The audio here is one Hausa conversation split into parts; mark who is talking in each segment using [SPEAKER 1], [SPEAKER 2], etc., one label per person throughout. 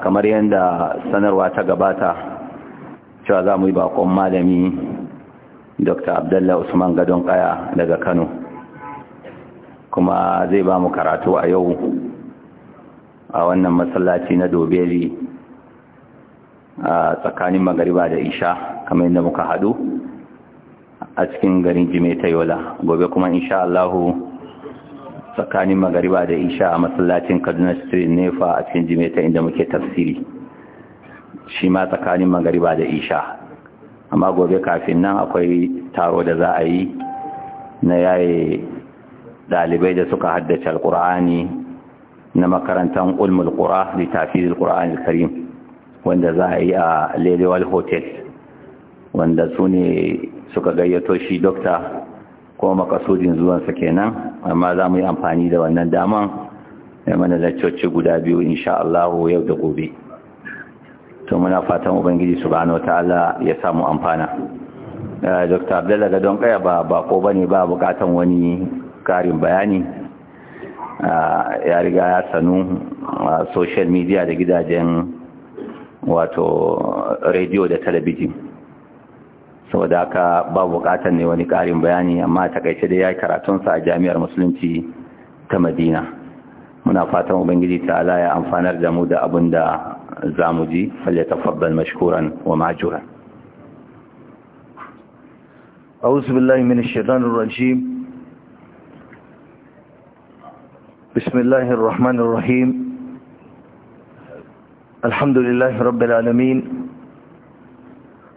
[SPEAKER 1] kamar yadda sanarwa ta gabata cewa za mu yi bakon malami dr abdullahi usman gadon kaya daga kano kuma zai ba mu karatu a yau a wannan masallaci na dobeli a tsakanin magariba da isha kamar yadda muka hadu a cikin garin jimeta yola gobe kuma insha Allahu tsakanin magariba da isha a masallacin kaduna street nefa a cikin jimeta inda muke tafsiri shi ma tsakanin magariba da isha amma gobe kafin nan akwai taro da za a yi na yaye dalibai da suka haddace alkur'ani na makarantar ulmul qura da tafizul karim wanda za a yi a lelewal hotel wanda su ne suka gayyato shi dokta ko makasudin zuwansa kenan amma za mu yi amfani da wannan daman da mana laccoci guda biyu insha Allah yau da gobe to muna fatan ubangiji subhanahu wataala ya samu amfana dr ga don kaya ba bako bane ba bukatan wani karin bayani eh, ya riga ya sanu social media da gidajen wato radio da talabijin saboda haka ba buƙatar ne wani ƙarin bayani amma takaice da ya yi karatunsa a jami'ar musulunci ta madina muna fatan ubangiji ta ala ya amfanar da mu da abin da za mu ji falle tafabbal mashkuran wa majuran
[SPEAKER 2] الحمد لله رب العالمين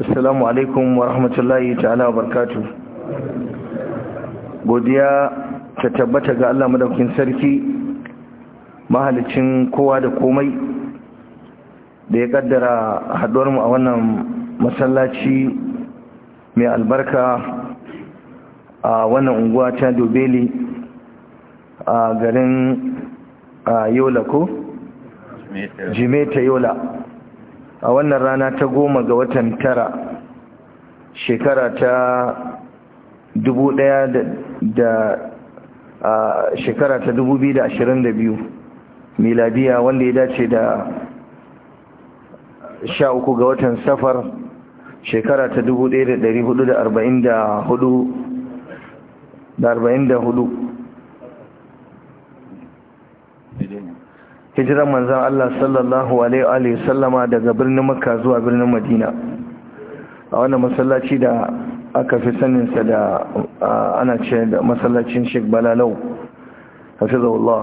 [SPEAKER 2] assalamu alaikum wa rahmatullahi ta'ala wa barkatu godiya ta tabbata ga Allah madaukin sarki mahalicin kowa da komai da ya kaddara haɗuwar mu a wannan masallaci mai albarka a wannan unguwa ta dobeli a garin yola ko jimeta yola a wannan rana ta goma ga watan tara shekara ta dubu daya da a shekara ta dubu biyu da ashirin da biyu miladiya wanda ya dace da sha uku ga watan safar shekara ta dubu daya da dari hudu da arba'in da hudu hijiran manzan Allah sallallahu alaihi sallama daga birnin makka zuwa birnin madina a wannan masallaci da aka fi saninsa da ana ce da masallacin sheik balalau hafizahullah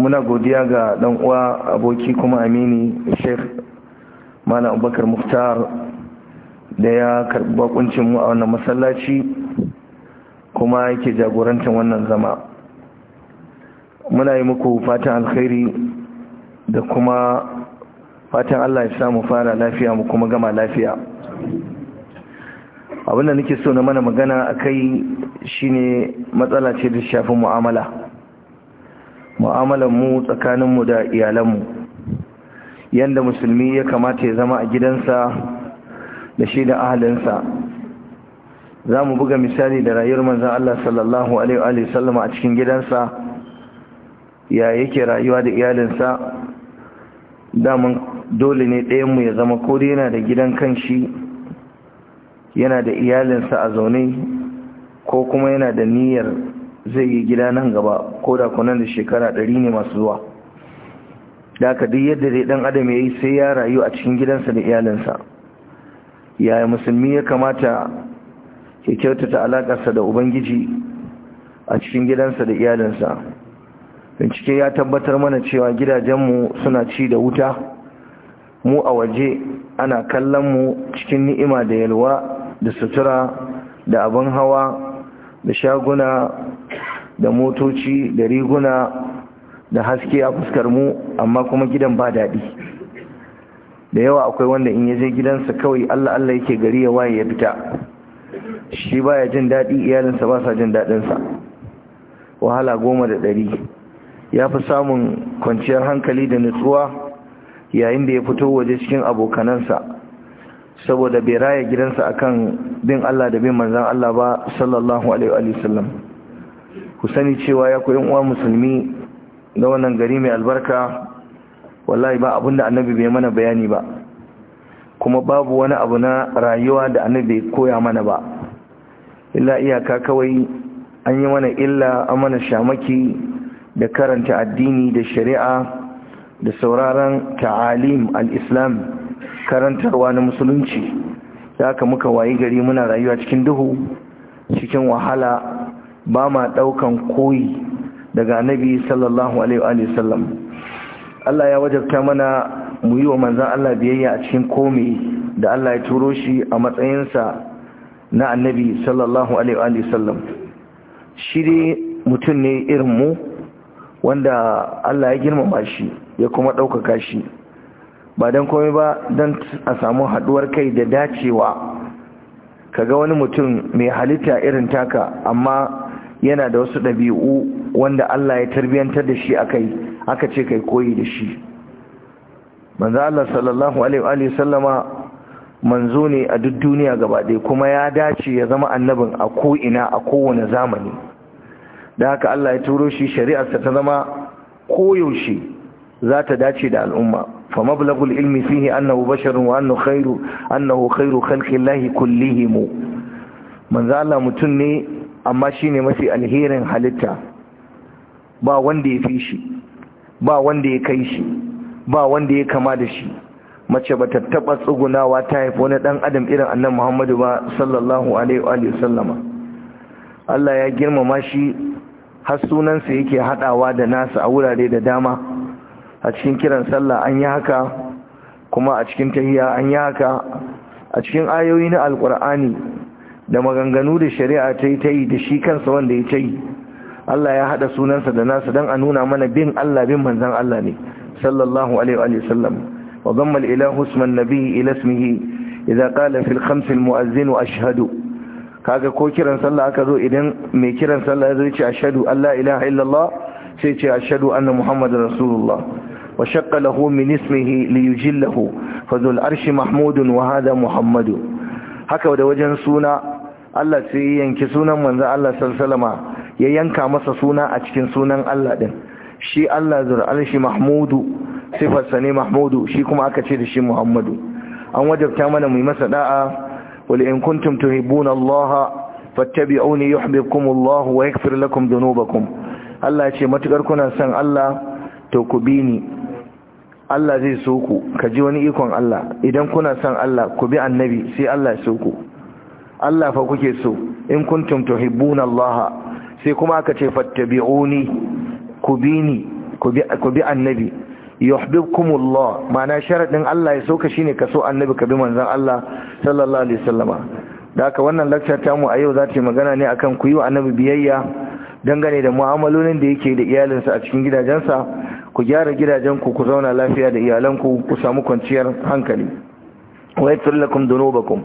[SPEAKER 2] muna godiya ga dan uwa aboki kuma amini sheik malam abubakar muftar da ya karɓi bakuncin a wannan masallaci kuma yake jagorantar wannan zama muna yi muku fatan alkhairi da kuma fatan Allah ya samu fara lafiya mu kuma gama lafiya abinda nake so na mana magana a kai shine matsala ce da shafin mu'amala mu'amalan mu tsakaninmu da iyalanmu Yadda musulmi ya kamata ya zama a gidansa da shi da ahalinsa za mu buga misali da rayuwar manzan Allah sallallahu Alaihi wasallama a cikin gidansa ya yake rayuwa da iyalinsa daman dole ne ɗayanmu ya zama ko da yana da gidan kanshi yana da iyalinsa a zaune ko kuma yana da niyyar zai yi gida nan gaba ko da kunan da shekara ɗari ne masu zuwa da aka duk yadda dai ɗan adam ya yi sai ya rayu a cikin gidansa da iyalinsa yaya musulmi ya kamata ya kyautata alaƙarsa da ubangiji a cikin gidansa da iyalinsa bincike ya tabbatar mana cewa gidajenmu suna ci da wuta mu a waje ana kallon mu cikin ni'ima da yalwa da sutura da abin hawa da shaguna da motoci da riguna da haske a fuskar mu amma kuma gidan ba daɗi da yawa akwai wanda in yaje gidansa kawai Allah Allah yake gari ya waye ya fita shi baya jin daɗi iyalinsa ba sa jin daɗinsa wahala goma da ɗari ya fi samun kwanciyar hankali da nutsuwa yayin da ya fito waje cikin abokanansa saboda bai raya gidansa akan bin Allah da bin manzan Allah ba sallallahu alaihi wasallam ku sani cewa ya koyi uwa musulmi na wannan gari mai albarka wallahi ba abinda annabi bai mana bayani ba kuma babu wani abu na rayuwa da annabi bai koya mana ba illa iyaka kawai an yi mana illa an mana shamaki da karanta addini da shari'a da sauraron ta'alim al-islam karantarwa na musulunci da aka muka wayi gari muna rayuwa cikin duhu cikin wahala ba ma ɗaukan koyi daga nabi sallallahu alaihi wa Allah ya wajabta mana mu yi wa manzan Allah biyayya a cikin komai da Allah ya turo shi a matsayinsa na annabi sallallahu alaihi wa shi dai mutum ne irin mu wanda Allah ya girmama shi ya kuma ɗaukaka shi ba don komai ba don a samu haɗuwar kai da dacewa ka ga wani mutum mai halitta irin taka amma yana da wasu ɗabi'u wanda Allah ya tarbiyantar da shi akai aka ce kai koyi da shi manzo Allah sallallahu alaihi wa sallama manzo ne a duk duniya gaba ɗaya kuma ya dace ya zama annabin a ko ina a kowane zamani da haka Allah ya turo shi shari'arsa ta zama koyaushe za ta dace da al'umma fa mablagul ilmi fihi annahu basharun wa annahu khairu annahu khairu khalqillahi kullihim manzo Allah mutun ne amma shine mafi alherin halitta ba wanda ya fi shi ba wanda ya kai shi ba wanda ya kama da shi mace ba ta taba tsugunawa ta haifi wani dan adam irin annan Muhammadu ba sallallahu alaihi wa sallama Allah ya girmama shi har sunansa yake haɗawa da nasa a wurare da dama a cikin kiran sallah an yi haka kuma a cikin tahiya an yi haka a cikin ayoyi na alkur'ani da maganganu da shari'a ta yi ta yi da shi kansa wanda ya ta yi Allah ya haɗa sunansa da nasa don a nuna mana bin Allah bin manzan Allah ne sallallahu alaihi wa sallam wa zammal ilahu isman nabiyyi ila ismihi idza qala fil khams al mu'azzin ashhadu kaga ko kiran sallah aka zo idan mai kiran sallah zai ce ashhadu Allah, la ilaha illallah sai ce ashhadu anna muhammadar rasulullah wa shaqqa lahu min ismihi li yujillahu fa dhul arshi mahmudun wa hada muhammadu haka da wajen suna Allah sai yanki sunan manzon Allah sallallahu ya yanka masa suna a cikin sunan Allah din shi Allah zur arshi mahmudu sifarsa ne mahmudu shi kuma aka ce da shi muhammadu an wajabta mana mu yi masa da'a قل إن كنتم تحبون الله فاتبعوني يحببكم الله ويغفر لكم ذنوبكم الله يشي متكر كنا سن الله توكبيني الله زي سوكو كجي وني ايكون الله idan kuna san Allah ku bi annabi sai Allah ya soku Allah fa kuke so in kuntum tuhibbuna Allah sai kuma aka ce fattabi'uni ku bi annabi yuhibbukumullah ma'ana sharadin Allah ya soka shine ka so annabi ka bi manzon Allah sallallahu alaihi wasallama da haka wannan lecture ta mu a yau za ta magana ne akan ku yi wa annabi biyayya dangane da mu'amalolin da yake da iyalinsa a cikin gidajensa ku gyara gidajenku ku zauna lafiya da iyalanku ku samu kwanciyar hankali wa yaghfir lakum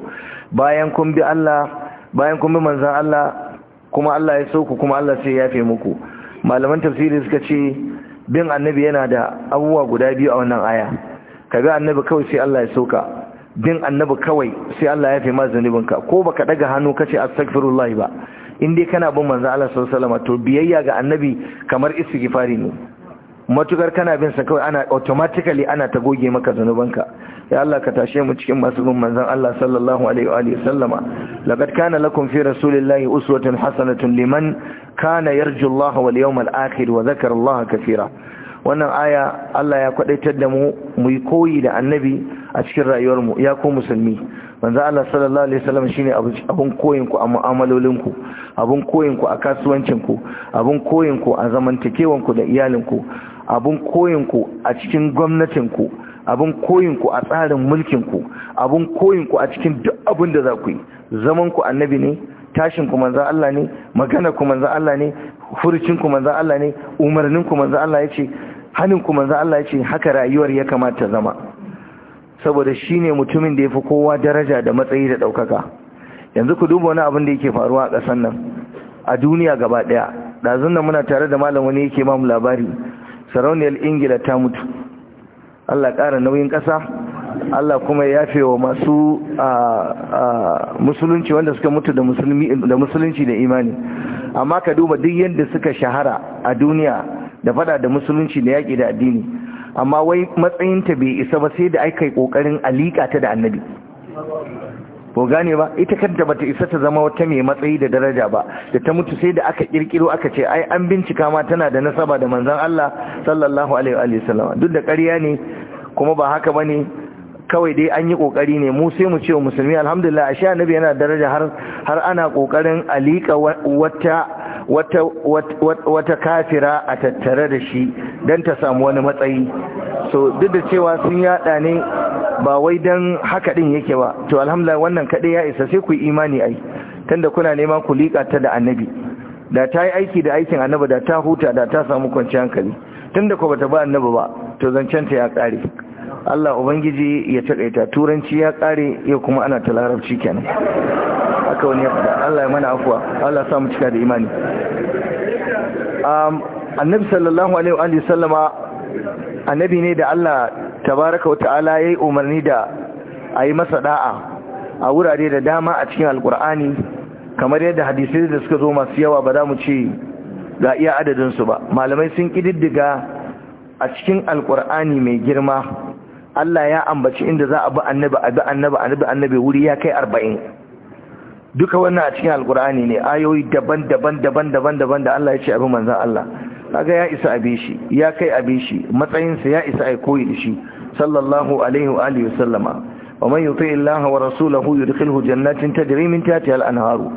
[SPEAKER 2] bayan kun bi Allah bayan kun bi manzon Allah kuma Allah ya so kuma Allah sai ya yafe muku malaman tafsiri suka ce bin annabi yana da abubuwa guda biyu a wannan aya ka ga annabi kawai sai Allah ya soka bin annabi kawai sai Allah ya fi ma zunubinka ko baka daga hannu kace astaghfirullah ba in dai kana bin manzo Allah sallallahu alaihi wasallam to biyayya ga annabi kamar istighfari ne matukar kana bin sa kawai ana automatically ana ta goge maka zanubanka ya Allah ka tashe mu cikin masu bin manzon Allah sallallahu alaihi wa alihi sallama laqad kana lakum fi rasulillahi uswatun hasanatun liman kana yarju Allah wal yawmal akhir wa dhakara Allah wannan aya Allah ya kwadaitar da mu mu yi koyi da annabi a cikin rayuwar mu ya ko musulmi manzo Allah sallallahu alaihi wasallam shine abun koyin ku a mu'amalolin ku abun koyin ku a kasuwancin ku abun koyin ku a zamantakewan ku da iyalin ku abun koyinku a cikin gwamnatinku abun koyinku a tsarin mulkinku abun koyinku a cikin duk abin da za ku yi zamanku annabi ne tashinku manzan Allah ne maganarku manzan Allah ne furucinku manzan Allah ne umarninku manzan Allah ya ce hannunku manzan Allah ya ce haka rayuwar ya kamata zama saboda shi ne mutumin da ya fi kowa daraja da matsayi da ɗaukaka yanzu ku duba wani abin da yake faruwa a ƙasar nan a duniya gaba ɗaya ɗazun nan muna tare da malam wani yake mamu labari sarauniyar ingila ta mutu allah ƙara nauyin ƙasa allah kuma ya yafe wa masu musulunci wanda suka mutu da musulunci da imani amma ka duba duk yadda suka shahara a duniya da fada da musulunci da yaƙi da addini amma wai matsayinta bai isa ba sai da aka yi ƙoƙarin alika ta da annabi ko gane ba ita kanta bata isa ta zama wata mai matsayi da daraja ba da ta mutu sai da aka kirkiro aka ce ai an bincika ma tana da nasaba da manzon Allah sallallahu alaihi wa sallam duk da ƙarya ne kuma ba haka bane kawai dai an yi kokari ne mu sai mu ce musulmi alhamdulillah ashe annabi yana daraja har har ana kokarin alika wata wata kafira a tattare da shi don ta samu wani matsayi so duk da cewa sun yada ne ba wai don haka din yake ba to alhamdulillah wannan kaɗai ya isa sai ku imani ai tunda kuna neman ku lika ta da annabi da ta yi aiki da aikin annabi da ta huta da ta samu kwanciyar hankali tunda ku bata ba annabi ba to zancen ta ya ƙare Allah ubangiji ya takaita turanci ya kare ya kuma ana ta larabci kenan haka wani ya faɗa Allah ya mana afuwa Allah samu cika da imani annabi sallallahu alaihi wa sallama annabi ne da Allah tabaraka wa ta'ala ya yi umarni da a yi masa da'a a wurare da dama a cikin Alƙur'ani, kamar yadda hadisai da suka zo masu yawa ba za mu ce ga iya adadinsu ba malamai sun ƙididdiga a cikin Alƙur'ani mai girma Allah ya ambaci inda za a bi annabi a bi annabi a bi annabi wuri ya kai arba'in. duka wannan a cikin alkur'ani ne ayoyi daban-daban daban-daban daban da Allah ya ce abin manzan Allah kaga ya isa abin shi ya kai abin shi matsayinsa ya isa ai koyi da shi sallallahu alaihi wa alihi wasallama wa man yuti illaha wa rasulahu yudkhilhu jannatin tajri min tahtiha al-anharu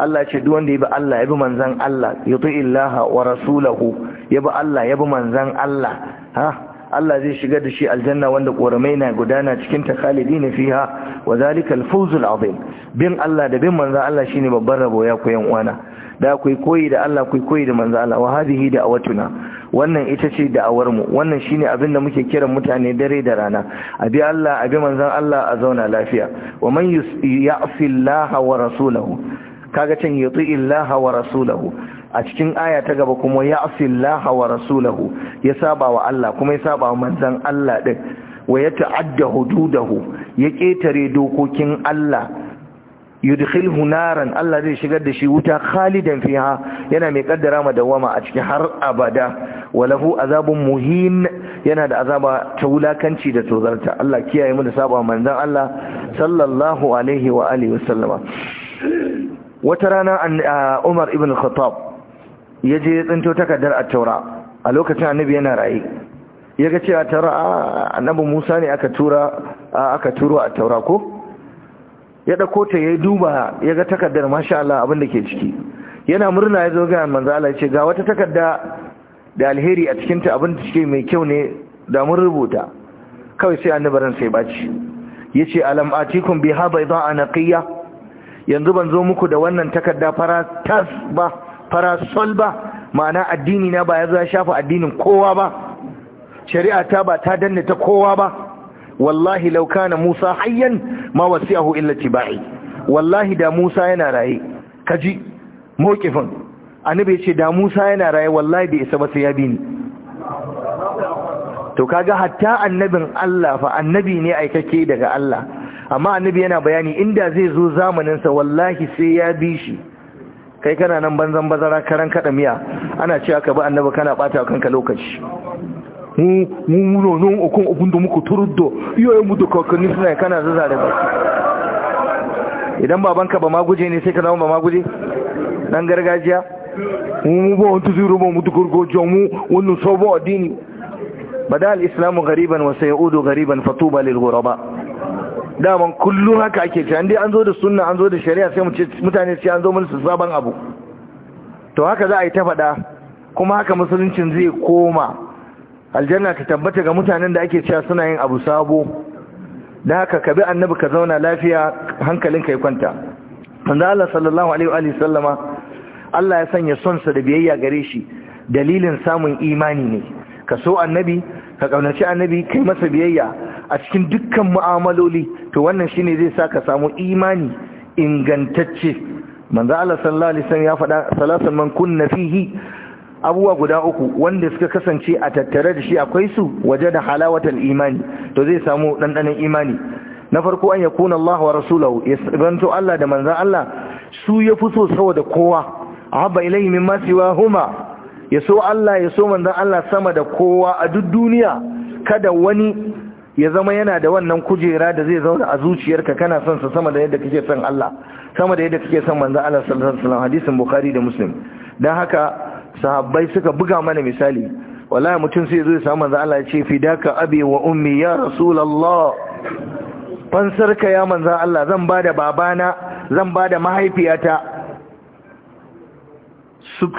[SPEAKER 2] Allah ya ce duk wanda ya bi Allah ya bi manzan Allah yuti illaha wa rasulahu ya bi Allah ya bi manzan Allah ha Allah zai shiga da shi aljanna wanda ƙoramai na gudana cikin ta khalidi na fiha wa zalikal fawzul azim bin Allah da bin manzo Allah shine babban rabo ya koyan uwana da ku koyi da Allah ku koyi da manzo Allah wa hadhihi da'awatuna wannan ita ce da'awar mu wannan shine abin da muke kiran mutane dare da rana abi Allah abi manzon Allah a zauna lafiya wa man ya'fi Allah wa rasulahu kaga can yuti'i Allah wa rasulahu a cikin aya ta gaba kuma ya asillaha wa rasulahu ya saba wa Allah kuma ya saba wa manzan Allah ɗin wa ya ta'adda hududahu ya ƙetare dokokin Allah yudkhilhu naran Allah zai shigar da shi wuta khalidan fiha yana mai kaddara ma dawama a cikin har abada walahu azabun muhin yana da azaba ta wulakanci da tozarta Allah kiyaye mu da saba manzan Allah sallallahu alaihi wa alihi wasallama wata rana uh, Umar ibn Khattab ya je ya tsinto takardar a taura, a lokacin annabi yana raye ya ga cewa taura ah, annabi Musa ne aka tura aka turo taura ko ya dauko ta ya duba ya ga takardar masha Allah abin da ke ciki yana murna ya zo ga manzo Allah ya ce ga wata takarda da alheri a cikin ta abin da cike mai kyau ne da mun rubuta kawai sai ran sai baci yace alam atikum biha bayda anqiya yanzu ban zo muku da wannan takarda fara tas ba sol ba ma'ana addini na ba ya za shafa addinin kowa ba shari'a ta ba ta danne ta kowa ba wallahi laukana kana Musa hayyan ma wasi'ahu illa tibai wallahi da Musa yana raye kaji mokifin annabi ya ce da Musa yana raye wallahi bai isa ba sai ya bi ni to kaga hatta annabin Allah fa annabi ne aikake daga Allah amma annabi yana bayani inda zai zo zamaninsa wallahi sai ya bi shi kai kana nan banzan bazara karan kada miya ana cewa ka bi annabi kana bata kanka lokaci mu mu nonon okun abun da muku turuddo iyayen mu da kakanni suna kana zazzare ba idan babanka ba maguje ne sai ka zama ba maguje dan gargajiya mu ba wani tuzuru ba mutu gurgujo mu wannan sabo addini badal islamu ghariban wa sayudu ghariban fatuba lil ghuraba daman kullum haka ake ce an dai an zo da sunna an zo da shari'a sai mutane sai an zo musu sabon abu to haka za a yi ta faɗa kuma haka musuluncin zai koma aljanna ta tabbata ga mutanen da ake cewa suna yin abu sabo da haka ka bi annabi ka zauna lafiya hankalinka ya kwanta manzo Allah sallallahu alaihi wa sallama Allah ya sanya son sa da biyayya gare shi dalilin samun imani ne ka so annabi ka kaunaci annabi kai masa biyayya a cikin dukkan mu'amaloli to wannan shine zai sa ka samu imani ingantacce manzo Allah sallallahu alaihi wasallam ya faɗa salasan man kunna fihi abubuwa guda uku wanda suka kasance a tattare da shi akwai su waje da halawatal imani to zai samu ɗanɗanon imani na farko an yakuna Allah wa rasulahu ya Allah da manzan Allah su ya fi so saboda kowa ahabba ilayhi mimma siwa huma ya so Allah ya so manzan Allah sama da kowa a duk duniya kada wani ya zama yana da wannan kujera da zai zauna a zuciyarka kana son sa sama da yadda kake son Allah sama da yadda kake son manzo Allah sallallahu alaihi wasallam hadisin bukhari da muslim dan haka sahabbai suka buga mana misali wallahi mutum sai zo ya samu manzo Allah ya ce fidaka abi wa ummi ya rasulullah fansarka ya manzo Allah zan bada babana zan bada mahaifiyata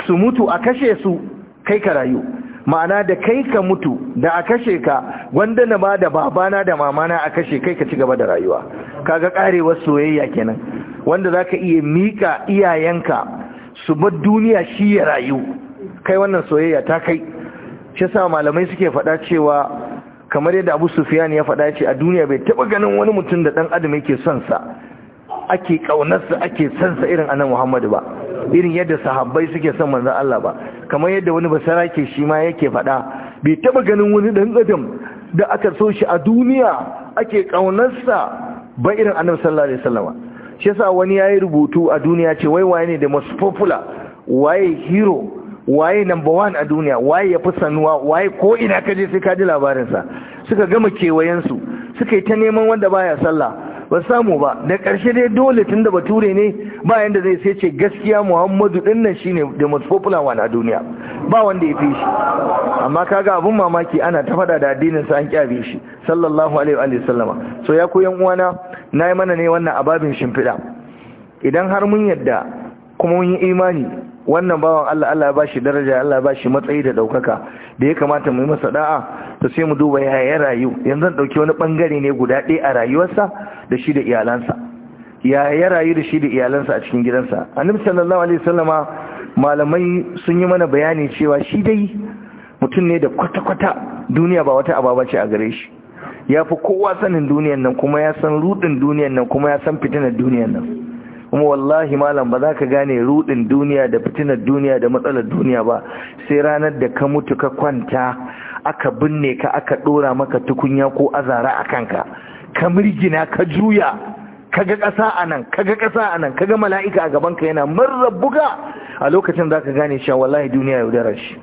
[SPEAKER 2] su mutu a kashe su kai ka rayu ma'ana da kai ka mutu da a kashe ka wanda na ba da babana da mamana a kashe kai ka ci gaba da rayuwa kaga karewar soyayya kenan wanda za ka iya mika iyayenka su bar duniya shi ya rayu kai wannan soyayya ta kai shi sa malamai suke faɗa cewa kamar yadda abu sufiyan ya faɗa ce a duniya bai taɓa ganin wani mutum da ɗan adam yake son sa ake ƙaunarsa ake son sa irin annan muhammadu ba irin yadda sahabbai suke son manzon Allah ba kamar yadda wani basarake shi ma yake faɗa bai taba ganin wani dan adam da aka so shi a duniya ake ƙaunarsa ba irin annabi sallallahu alaihi wasallam shi yasa wani yayi rubutu a duniya ce wai waye ne da most popular waye hero waye number one a duniya waye ya fi sanuwa waye ko ina kaje sai ka ji labarinsa suka gama kewayensu suka yi ta neman wanda baya sallah ba samu ba da ƙarshe dai dole tun da bature ne ba yanda zai sai ce gaskiya muhammadu ɗin nan shine da masu popular wa a duniya ba wanda ya fi shi amma kaga abin mamaki ana ta faɗa da addinin sa an kyabe shi sallallahu alaihi wa sallama so ya koyan uwana nayi mana ne wannan ababin shimfiɗa idan har mun yadda kuma mun yi imani wannan bawan Allah Allah ba shi daraja Allah ba shi matsayi da daukaka da ya kamata mu yi masa da'a to sai mu duba yaya ya rayu yanzu dauke wani bangare ne guda ɗaya a rayuwarsa da shi da iyalansa ya ya rayu da shi da iyalansa a cikin gidansa annabi sallallahu alaihi wasallama malamai sun yi mana bayani cewa shi dai mutum ne da kwata-kwata duniya ba wata ababa ce a gare shi ya fi kowa sanin duniyar nan kuma ya san rudin duniyar nan kuma ya san fitinar duniyar nan kuma wallahi malam ba za ka gane rudin duniya da fitinar duniya da matsalar duniya ba sai ranar da ka mutu ka kwanta aka binne ka aka dora maka tukunya ko azara a kanka ka mirgina ka juya kaga ƙasa a nan kaga ƙasa a nan kaga mala'ika a gaban ka yana buga. a lokacin za ka gane cewa wallahi duniya yaudarar shi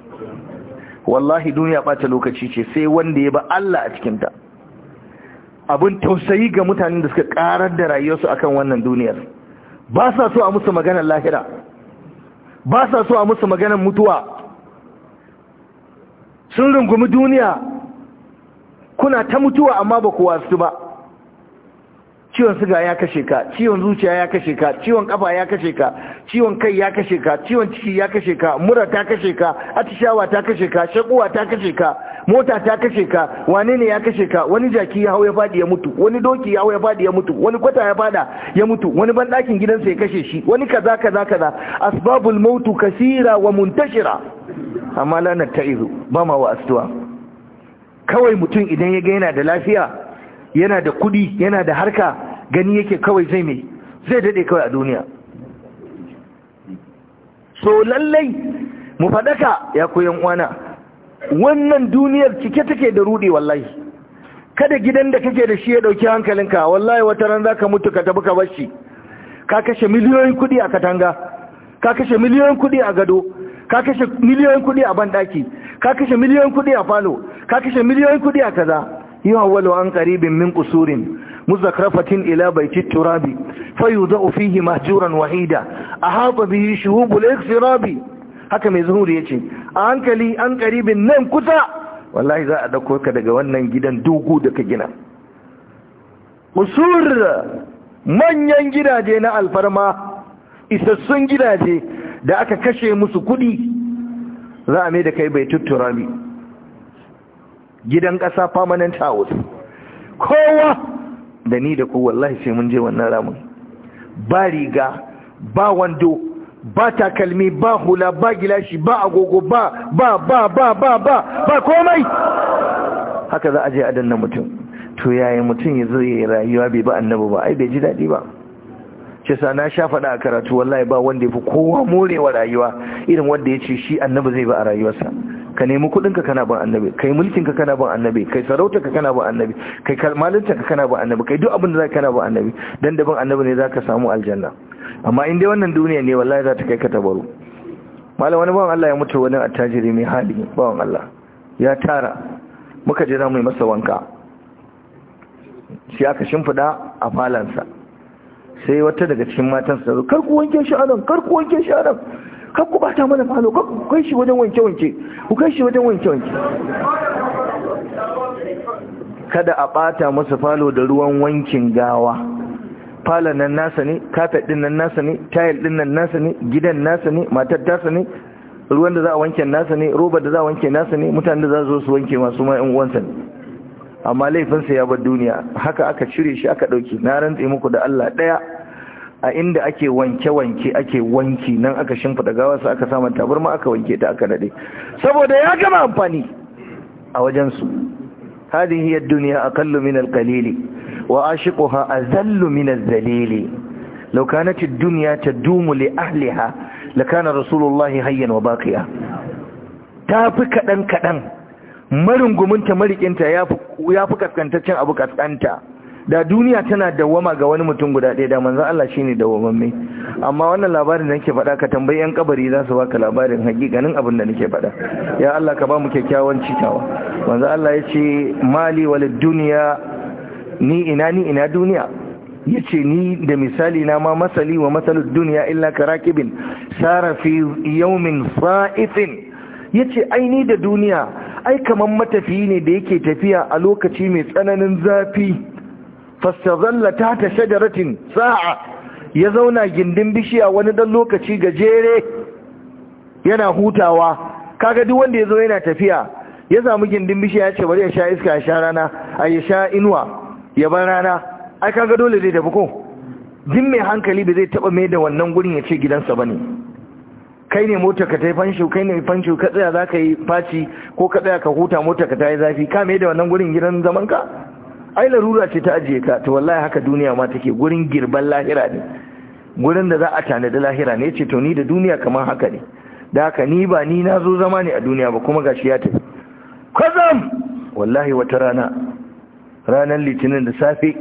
[SPEAKER 2] wallahi duniya ɓata lokaci ce sai wanda ya ba Allah a cikin ta abin tausayi ga mutanen da suka ƙarar da rayuwarsu akan wannan duniyar ba sa so a musu maganar lahira ba sa so a musu maganar mutuwa sun rungumi duniya kuna ta mutuwa amma ba ku wasu ba ciwon suga ya kashe ka ciwon zuciya ya kashe ka ciwon kafa ya kashe ka ciwon kai ya kashe ka ciwon ciki ya kashe ka mura ta kashe ka atishawa ta kashe ka shakuwa ta kashe ka mota ta kashe ka wane ne ya kashe ka wani jaki ya hau ya fadi ya mutu wani doki ya hau ya fadi ya mutu wani kwata ya fada ya mutu wani bandakin gidansa ya kashe shi wani kaza kaza kaza asbabul mautu kasira wa muntashira amma lanar ta izu ba ma wa astuwa kawai mutum idan ya ga yana da lafiya yana da kudi yana da harka gani yake kawai zai mai zai daɗe kawai a duniya so lallai mu faɗaka ya koyan uwana wannan duniyar cike take da ruɗi, wallahi kada gidan da kake da shi ya ɗauki hankalinka wallahi wata ran za ka mutu ka tafi ka bashi ka kashe miliyoyin kuɗi a katanga ka kashe miliyoyin kuɗi a gado ka kashe miliyoyin kuɗi a banɗaki ka kashe miliyoyin kuɗi a falo ka kashe miliyoyin kuɗi a kaza يهول عن قريب من قصور مزخرفة إلى بيت التراب فيوضع فيه مهجورا وحيدا أحاط به شهوب الإغسراب haka mai zuhuri ya ce a hankali an nan kusa wallahi za a dauko ka daga wannan gidan dogo da gina usur manyan gidaje na alfarma isassun gidaje da aka kashe musu kudi za a mai da kai bai tuttura gidan ƙasa permanent house kowa da ni da ku wallahi sai mun je wannan ramin ba riga ba wando ba takalmi ba hula ba gilashi ba agogo ba ba ba ba ba ba ba komai haka za a je a danna mutum to yayi mutum ya rayuwa bai ba annabi ba ai bai ji daɗi ba ce sa na sha faɗa a karatu wallahi ba wanda ya fi kowa morewa rayuwa irin wanda ya ce shi annabi zai ba a rayuwarsa ka nemi kudinka kana ban annabi kai mulkinka kana ban annabi kai sarautarka kana ban annabi kai ka kana ban annabi kai duk abin da zaka kana ban annabi dan da annabi ne zaka samu aljanna amma in dai wannan duniya ne wallahi za ta kai ka tabaru malam wani bawan Allah ya mutu wani attajiri mai hali bawan Allah ya tara muka je mai yi masa wanka shi aka shimfida a falansa sai wata daga cikin matansa kar ku wanke shi anan kar ku wanke shi anan Kan ku bata mana falo ku kai shi wajen wanke wanke ku kai shi wajen wanke wanke kada a bata masa falo da ruwan wankin gawa falon nan nasa ne kafet din nan nasa ne tayil din nan nasa ne gidan nasa ne matar tasa ne ruwan da za a wanke nasa ne roba da za a wanke nasa ne mutanen da za su su wanke masu ma'in wansa ne amma laifinsa ya bar duniya haka aka cire shi aka ɗauki na rantse muku da Allah ɗaya a inda ake wanke-wanke ake wanki nan aka shimfida gawarsa aka samun tabarma aka wanke ta aka daɗe saboda ya gama amfani a wajensu hadin hiyar duniya a kallo min kalili wa ashiquha azallu min azzalili law kanat ad-dunya tadumu li ahliha lakana rasulullahi hayyan wa Ta tafi kaɗan-kaɗan. marungumunta marikinta yafi fi kaskantaccen abu kaskanta da duniya tana dawama ga wani mutum guda ɗaya da manzan Allah shi ne dawwamamme amma wannan labarin da nake faɗa ka tambayi 'yan kabari za su baka labarin ganin abin da nake faɗa ya Allah ka ba mu kyakkyawan cikawa manzan Allah ya ce mali wal duniya ni ina ni ina duniya ya ce ni da misali na ma masali wa masalin duniya illa ka rakibin sarafi yaumin sa'ifin ya ce aini da duniya ai kamar matafiyi ne da yake tafiya a lokaci mai tsananin zafi fastazalla ta ta shajaratin sa'a ya zauna gindin bishiya wani dan lokaci gajere yana hutawa kaga duk wanda ya zo yana tafiya ya samu gindin bishiya ya ce bari ya sha iska ya sha rana a ya sha inuwa ya bar rana ai kaga dole zai tafi ko jin mai hankali ba zai taba mai da wannan gurin ya ce gidansa bane kai ne mota ka tai fanshu kai ne fanshu ka tsaya zaka yi faci ko ka tsaya ka huta mota ka tai zafi ka mai da wannan gurin gidan zaman ka ai larura ce ta ajiye ta to wallahi haka duniya ma take gurin girban lahira ne gurin da za a tanadi lahira ne ce to ni da duniya kamar haka ne da haka ni ba ni na zama ne a duniya ba kuma gashi ya tafi kazam wallahi wata rana ranar litinin da safe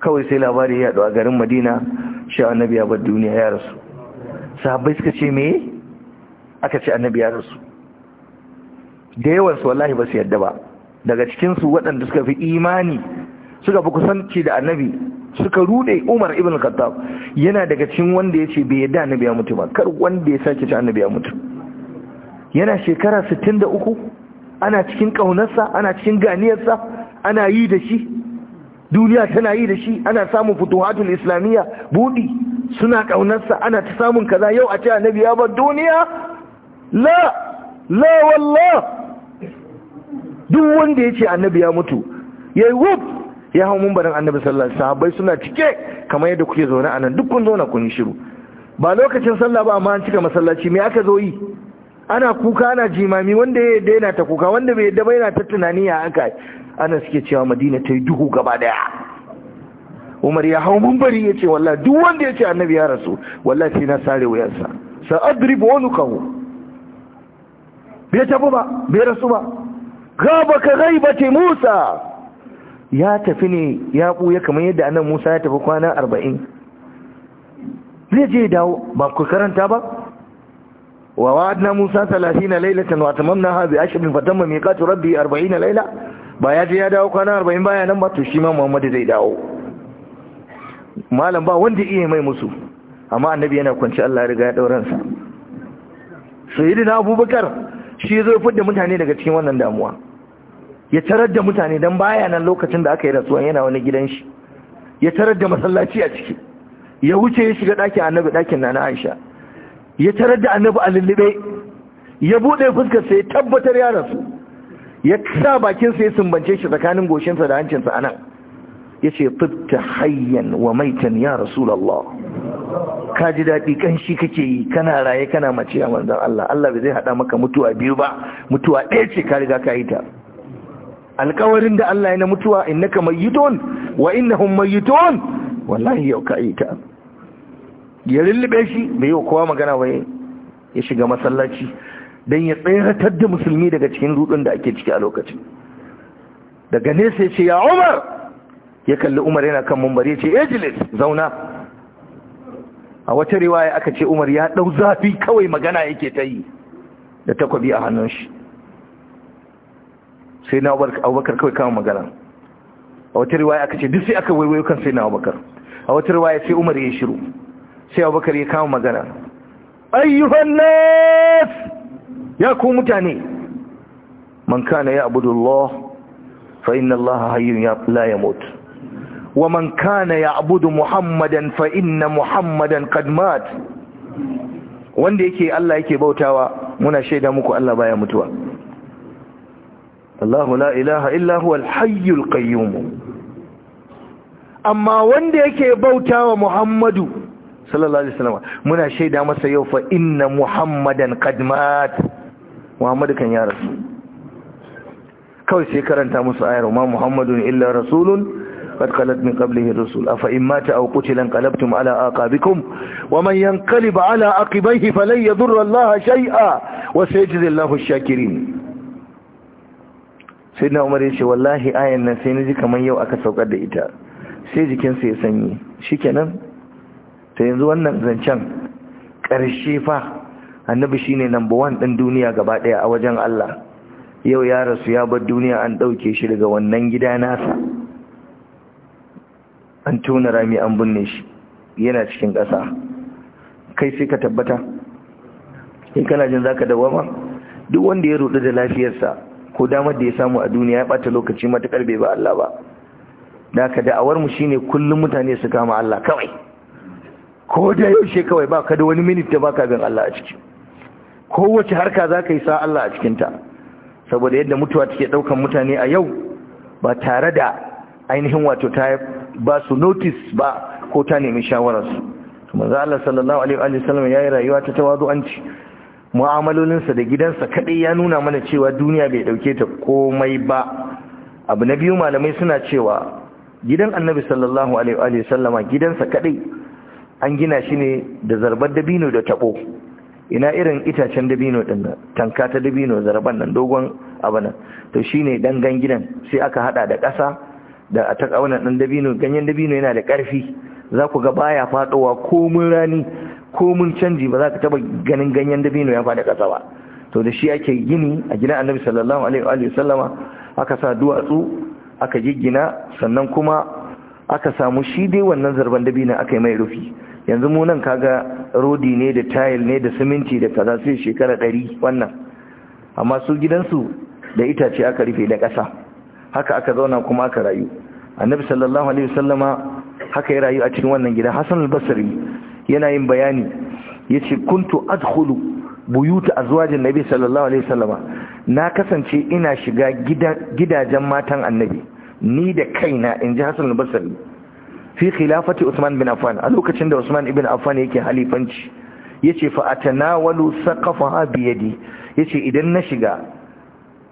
[SPEAKER 2] kawai sai labari ya a garin madina shi annabi ya bar duniya ya rasu sahabbai suka ce me aka ce annabi ya rasu da yawansu wallahi ba su yadda ba daga cikinsu waɗanda suka fi imani suka fi kusanci da annabi suka rude umar ibn khattab yana daga cikin wanda ya ce bai yadda annabi ya mutu ba kar wanda ya sake ci annabi ya mutu yana shekara 63 ana cikin ƙaunarsa ana cikin ganiyarsa ana yi da shi duniya tana yi da shi ana samun futuhatul islamiyya budi suna ƙaunarsa ana ta samun kaza yau a ce annabi ya bar duniya la la wallah duk wanda ya ce annabi ya mutu ya yi wuf ya hau mumbarin annabi sallallahu alaihi sahabbai suna cike kamar yadda kuke zaune a nan duk kun zauna kun shiru ba lokacin sallah ba amma an cika masallaci me aka zo yi ana kuka ana jimami wanda ya yadda yana ta kuka wanda bai yadda ba yana ta tunani ya aka ana suke cewa madina ta yi duhu gaba daya umar ya hau mumbari ya ce wallah duk wanda ya ce annabi ya rasu wallah sai na sare wuyansa sa adribu wani kawo bai tafi ba bai rasu ba gaba ka ghaibati Musa ya tafi ne ya buya kamar yadda annan Musa ya tafi kwana arba'in. zai je dawo ba ku karanta ba wa wa'adna Musa 30 laylatan wa tamamnaha bi ashrin fatamma miqatu rabbi 40 layla ba ya je ya dawo kwana arba'in baya nan ba to shi ma Muhammadu zai dawo malam ba wanda iya mai musu amma annabi yana kwanci Allah ya riga ya sa. sayyidina Abubakar shi zo fudda mutane daga cikin wannan damuwa ya tarar da mutane don baya nan lokacin da aka yi rasuwan yana wani gidan shi ya tarar da masallaci a ciki ya wuce ya shiga ɗakin annabi ɗakin na aisha ya tarar da annabi a lullube ya buɗe fuskar ya tabbatar ya rasu ya sa bakin ya sumbance shi tsakanin goshinsa da hancinsa a nan. ya ce fitta hayyan wa maitan ya rasulallah ka ji daɗi ƙanshi kake yi kana raye kana mace a manzan Allah Allah bai zai haɗa maka mutuwa biyu ba mutuwa ɗaya ce ka riga ka yi ta alkawarin da Allah ya na mutuwa innaka mayyitun wa innahum mayyitun wallahi ya kaita ya lullube shi bai yi kowa magana waye ya shiga masallaci Dan ya tsayar da musulmi daga cikin rudun da ake ciki a lokacin daga nesa ya ce ya umar ya kalli umar yana kan mumbar ya ce ejilis zauna a wata riwaya aka ce umar ya ɗau zafi kawai magana yake ta yi da takwabi a hannun shi sai na abubakar kawai kawai magana a wata riwaya aka ce duk sai aka waiwayo kan sai na abubakar a wata riwaya sai umar ya shiru sai abubakar ya kama magana ayyuhan nas ya ku mutane man kana Abudu Allah fa inna Allah hayyun la yamut wa man kana Abudu Muhammadan fa inna Muhammadan qad mat wanda yake Allah yake bautawa muna shaida muku Allah baya mutuwa Allahu la ilaha illa huwa al-hayyul qayyum amma wanda yake bautawa Muhammadu sallallahu alaihi wasallam muna shaida masa yau fa inna Muhammadan qad mat Muhammadu kan ya rasu kawai sai karanta musu ayar ma Muhammadun illa rasulun قد خلت من قبله الرسل أفإن مات أو قتل انقلبتم على آقابكم ومن ينقلب على عقبيه فلن يضر الله شيئا وسيجزي الله الشاكرين sai na umar ya ce wallahi ayan nan sai na ji kamar yau aka saukar da ita sai jikinsa ya sanyi shi nan. ta yanzu wannan zancen ƙarshe fa annabi shine number one ɗin duniya gaba ɗaya a wajen Allah yau ya rasu ya bar duniya an ɗauke shi daga wannan gida nasa an tona rami an binne shi yana cikin ƙasa kai sai ka tabbata in kana jin ka dawama duk wanda ya rudu da lafiyarsa ko damar da ya samu a duniya ya bata lokaci matakar bai ba Allah ba da ka da'awar mu shine kullum mutane su kama Allah kawai ko da yaushe kawai ba ka da wani minit da baka gan Allah a ciki kowace harka za ka yi sa Allah a cikinta saboda yadda mutuwa take daukan mutane a yau ba tare da ainihin wato ta ba su notice ba ko ta nemi shawararsu manzo Allah sallallahu alaihi wa sallam yayi rayuwa ta tawadu'anci mu'amalolinsa da gidansa kaɗai ya nuna mana cewa duniya bai ɗauke ta komai ba abu na biyu malamai suna cewa gidan annabi sallallahu alaihi sallama gidansa kadai an gina shi ne da zarbar dabino da taɓo. ina irin itacen dabino din nan tanka ta dabino zarban nan dogon abu nan to shine dangan gidan sai aka haɗa da ƙasa da a taka wannan dan dabino ganyen dabino yana da ƙarfi za ku ga baya fadowa komun rani ko mun canji ba za ka taba ganin ganyen dabino ya faɗi ƙasa ba to da shi ake gini a gidan annabi sallallahu alaihi wa sallama aka sa duwatsu aka giggina sannan kuma aka samu shi dai wannan zarban dabino aka yi mai rufi yanzu mu nan kaga rodi ne da tayil ne da siminti da kaza sai shekara ɗari wannan amma su gidansu da itace aka rufe da ƙasa haka aka zauna kuma aka rayu annabi sallallahu alaihi sallama haka ya rayu a cikin wannan gida hasan al-basri yana yin bayani Ya yace kuntu adkhulu buyuta azwajin nabi sallallahu alaihi wasallama na kasance ina shiga gidajen matan annabi ni da kaina inji Hassan al-Basri fi khilafati Usman bin Affan a lokacin da Usman ibn Affan yake halifanci yace fa atanawalu saqafaha bi yadi yace idan na shiga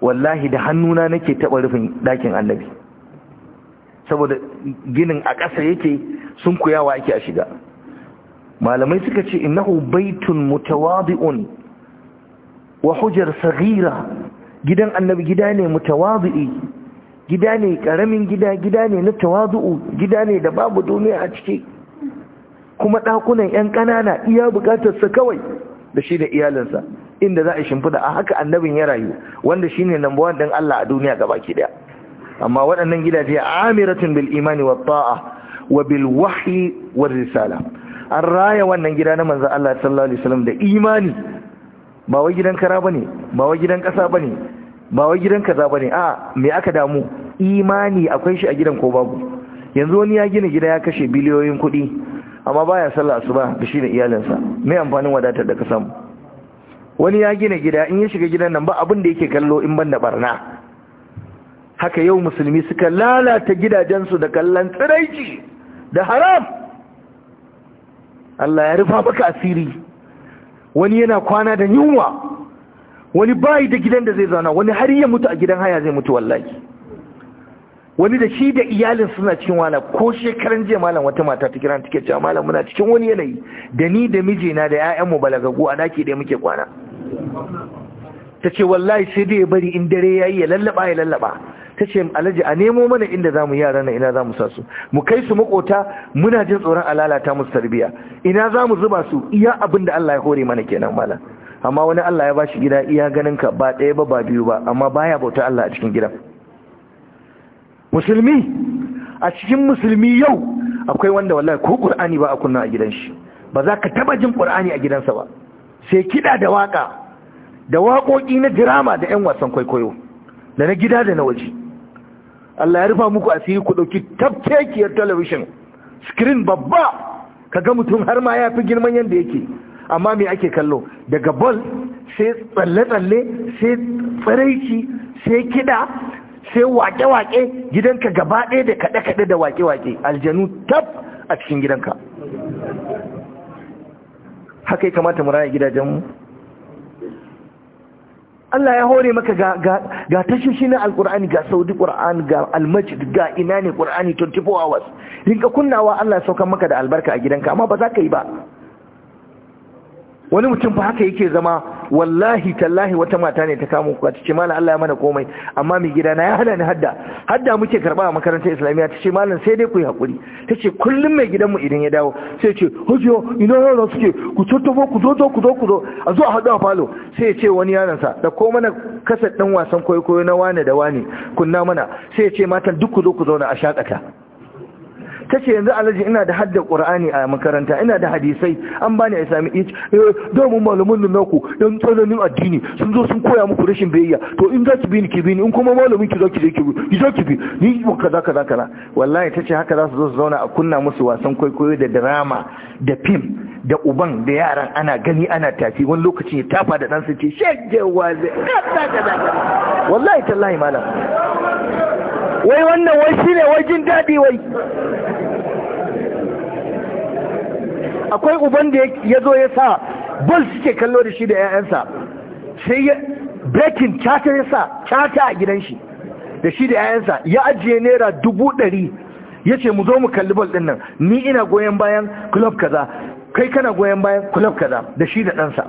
[SPEAKER 2] wallahi da hannuna nake taba rufin dakin annabi saboda ginin a ƙasa yake sun kuyawa ake a shiga malamai suka ce innahu baitun mutawadi'un wa hujar saghira gidan annabi gida ne mutawadi'i gida ne karamin gida gida ne na tawadu'u gida ne da babu duniya a ciki kuma ɗakunan 'yan ƙanana iya sa kawai da shi da iyalinsa inda za a shimfida a haka annabin ya rayu wanda shine number one Allah a duniya gabaki daya amma waɗannan gidaje amiratun bil imani wat ta'a wa bil wahyi war risala an raya wannan gida na manzan Allah sallallahu alaihi wasallam da imani ba wai gidan kara ba ne, ba wai gidan kasa ne, ba wai gidan kaza ba ne. a me aka damu imani akwai shi a gidan ko babu yanzu wani ya gina gida ya kashe biliyoyin kuɗi amma ba baya su ba da shi da iyalinsa mai amfanin wadatar da ka samu wani ya gina gida in ya shiga gidan nan ba abin da yake kallo in ban da barna haka yau musulmi suka lalata gidajensu da kallon tsiraici da haram Allah ya rufa maka asiri wani yana kwana da yunwa wani bayi da gidan da zai zauna wani har ya mutu a gidan haya zai mutu wallahi wani da shi da iyalin suna cikin wala ko shekaran jiya malam wata mata ta kiran ta cewa malam muna cikin wani yanayi da ni da mijina da ƴaƴan mu balagagu a daki da muke kwana tace wallahi sai dai ya bari in dare yayi ya lallaba ya lallaba ta ce alhaji a nemo mana inda za mu yara na ina za mu sa su mu kai su makota muna jin tsoron a lalata musu tarbiya ina za mu zuba su iya abin da Allah ya hore mana kenan mala amma wani Allah ya bashi gida iya ganin ka ba ɗaya ba ba biyu ba amma baya bauta Allah a cikin gidan musulmi a cikin musulmi yau akwai wanda wallahi ko qur'ani ba a kunna a gidan shi ba za ka taba jin qur'ani a gidansa ba sai kida da waka da waƙoƙi na drama da ƴan wasan kwaikwayo da na gida da na waje Allah ya rufa muku asiri ku dauki tafkekiyar television screen babba ka ga mutum har ma ya fi girman yanda yake amma me ake kallo daga ball sai tsalle-tsalle sai tsiraici sai kida sai wake-wake gidanka gaba ɗaya da kaɗe-kaɗe da wake-wake aljanu tab a cikin gidanka haka ya kamata mu raya gidajen mu. Allah ya hore maka ga tashoshi na alkur'ani ga saudi qur'an ga Al-Majid ga ina ne qur'ani 24 hours rinka kunnawa Allah ya saukan maka da albarka a gidanka amma ba za ka yi ba wani mutum ba haka yake zama wallahi tallahi wata mata ne ta kamo kuka ta ce malam Allah ya mana komai amma mai gida na ya hada ni hadda hadda muke karba a makarantar islamiyya ta ce malam sai dai ku yi hakuri ta ce kullum mai gidanmu idan ya dawo sai ce hajiya ina yara suke ku tattabo ku zo ku zo ku zo a zo a haɗu a falo sai ya ce wani yaron sa da ko mana kasar ɗan wasan kwaikwayo na wane da wane kunna mana sai ya ce matan duk ku zo ku zauna a shakata ta ce yanzu alhaji ina da haddar ƙur'ani a makaranta ina da hadisai an bani a islami ya ce eh, domin malamin da naku yan tsananin addini sun zo sun koya muku rashin biyayya to in za ki bi ni ki bi ni in kuma malamin ki zo ki je ki bi zo ki bi ni kaza kaza kaza wallahi ta ce haka za su zo su zauna a kunna musu wasan kwaikwayo da drama da fim da uban da yaran ana gani ana tafi wani lokaci ya tafa da ɗansa ce shaggewa zai wallahi tallahi malam wai wannan wai ne wai jin daɗi wai akwai uban da ya zo ya sa bol suke kallo da shi da 'ya'yansa sai ya brekin cata ya sa cata a gidan shi da shi da 'ya'yansa ya ajiye naira dubu ɗari ya ce mu zo mu kalli bol ɗin nan ni ina goyon bayan kulob kaza kai kana goyon bayan kulob kaza da shi da ɗansa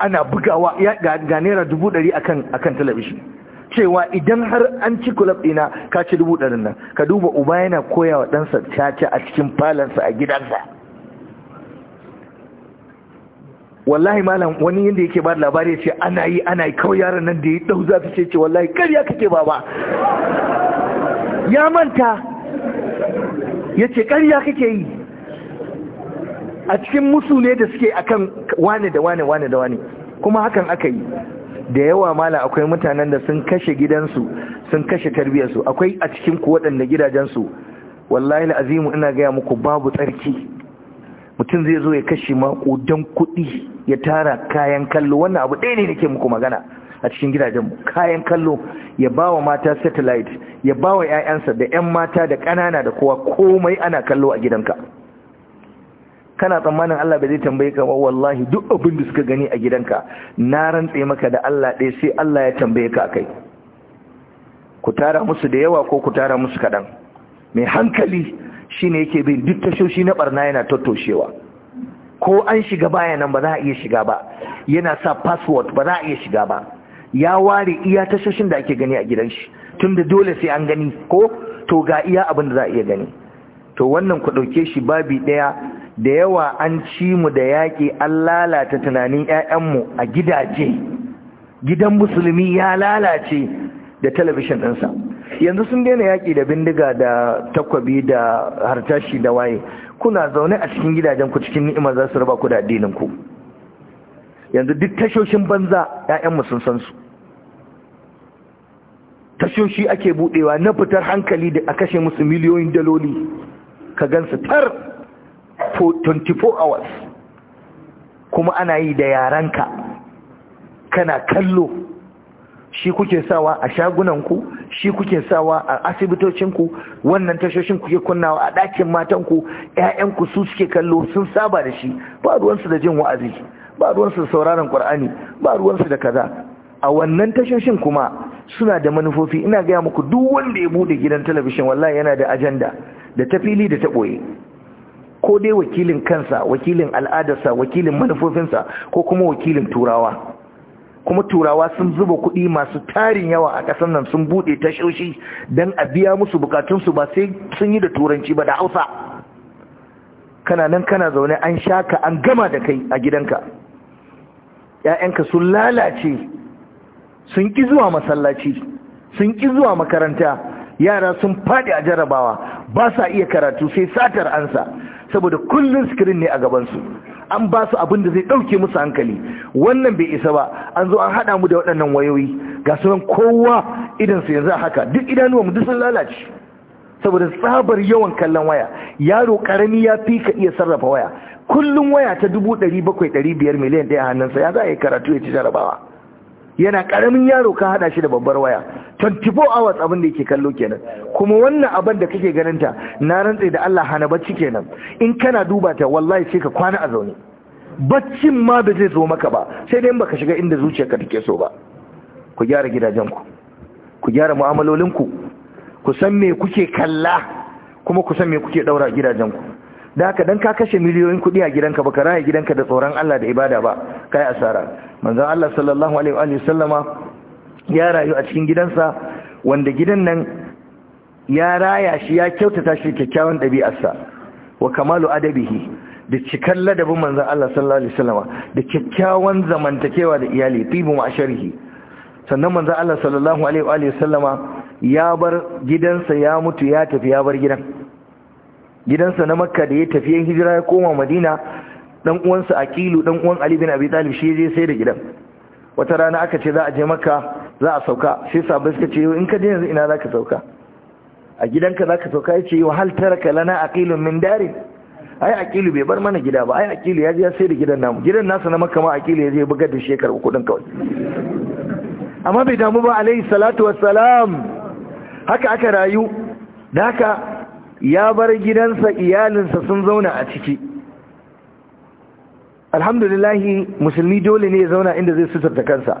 [SPEAKER 2] ana bugawa ga naira dubu ɗari akan talabishin cewa idan har an ci kulab ɗina ka ci dubu ɗarin nan ka duba uba yana koya wa ɗansa caca a cikin falansa a gidansa wallahi malam wani yadda yake ba labari ya ce ana yi ana yi kawai yaran nan da ya ɗau zafi ce ce wallahi karya kake baba ya manta ya ce karya kake yi a cikin musu ne da suke akan wane da wane wane da wane kuma hakan aka yi da yawa mala akwai mutanen da sun kashe gidansu sun kashe tarbiyarsu akwai a cikin ku waɗanda gidajensu wallahi azimu ina gaya muku babu tsarki mutum zai zo ya kashe maƙudan kuɗi ya tara kayan kallo wannan abu ɗaya ne nake muku magana a cikin gidajenmu kayan kallo ya ba wa mata satellite ya ba wa 'ya'yansa da 'yan mata da ƙanana da kowa komai ana kallo a gidanka kana tsammanin Allah bai zai tambaye ka ba wallahi duk abin da suka gani a gidanka na rantse maka da Allah ɗaya sai Allah ya tambaye ka kai. ku tara musu da yawa ko ku tara musu kaɗan mai hankali shine yake bin duk tashoshi na barna yana tattoshewa ko an shiga baya nan ba za a iya shiga ba yana sa password ba za a iya shiga ba ya ware iya tashoshin da ake gani a gidan shi tunda dole sai an gani ko to ga iya abin da za a iya gani to wannan ku ɗauke shi babi ɗaya da yawa an ci mu da yaƙi an lalata tunanin 'ya'yanmu a gidaje gidan musulmi ya lalace da talabishin ɗinsa yanzu sun daina yaƙi da bindiga da takwabi da hartashi da waye kuna zaune a cikin gidajenku cikin ni'imar za su raba ku da addininku? yanzu duk tashoshin banza 'ya'yanmu sun san su tashoshi ake buɗewa na fitar hankali da a kashe musu miliyoyin daloli ka gansu tar 24 hours kuma ana yi da ka, kana kallo shi kuke sawa a shagunanku shi kuke sawa a asibitocinku wannan tashoshin kuke kunnawa a ɗakin matanku ƴaƴanku su suke kallo sun saba da shi ba ruwansu da jin wa'azi ba ruwansu da sauraron ƙur'ani ba ruwansu da kaza a wannan tashoshin kuma suna da manufofi ina gaya muku duk wanda ya bude gidan talabishin wallahi yana da ajanda da ta fili da ta ɓoye ko dai wakilin kansa wakilin al'adarsa wakilin manufofinsa ko kuma wakilin turawa kuma turawa sun zuba kuɗi masu tarin yawa a ƙasar nan sun buɗe ta tashoshi don a biya musu bukatunsu ba sai sun yi da turanci ba da hausa kana nan kana zaune an sha ka an gama da kai a gidanka ‘ya'yanka sun lalace sun ƙi zuwa masallaci sun ƙi zuwa makaranta yara sun faɗi a jarabawa ba sa iya karatu sai satar ansa saboda kullun screen ne a gabansu an ba su abin da zai ɗauke musu hankali wannan bai isa ba an zo an haɗa mu da waɗannan wayoyi ga sunan kowa idansu yanzu a haka duk idanuwanmu duk sun lalace saboda tsabar yawan kallon waya yaro karami ya fi ka iya sarrafa waya kullum waya ta dubu ɗari bakwai ɗari biyar miliyan ɗaya hannunsa ya za a yi karatu ya ci jarabawa yana karamin yaro ka hada shi da babbar waya 24 hours abin da yake kallo kenan kuma wannan abin da kake ganinta na rantsa da Allah hana bacci kenan in kana duba ta wallahi sai ka kwana a zaune baccin ma ba zai zo maka ba sai dai baka shiga inda zuciyarka take so ba ku gyara gidajenku ku gyara mu'amalolinku ku san me kuke kalla kuma ku san me kuke daura ku. da haka dan ka kashe miliyoyin kuɗi a gidanka baka raya gidanka da tsoron Allah da ibada ba kai asara manzon Allah sallallahu alaihi wa sallama ya rayu a cikin gidansa wanda gidan nan ya raya shi ya kyautata shi kyakkyawan dabi'arsa wa kamalu adabihi da cikar ladabin manzon Allah sallallahu alaihi sallama da kyakkyawan zamantakewa da iyali tibu ma'asharihi sannan manzon Allah sallallahu alaihi sallama ya bar gidansa ya mutu ya tafi ya bar gidan gidansa na makka da ya tafi hijira ya koma madina dan uwansa aqilu dan uwan ali bin abi talib shi je sai da gidan wata rana aka ce za a je makka za a sauka sai sabai suka ce in ka je yanzu ina zaka sauka a gidanka zaka sauka yace wa hal taraka lana aqilun min darin ai aqilu bai bar mana gida ba ai aqilu ya je ya sai da gidan namu gidan nasa na makka ma aqilu ya je bugar da shekar kudin kawai amma bai damu ba alayhi salatu wassalam haka aka rayu da haka ya bar gidansa iyalinsa sun zauna a ciki alhamdulillah musulmi dole ne ya zauna inda zai suturta kansa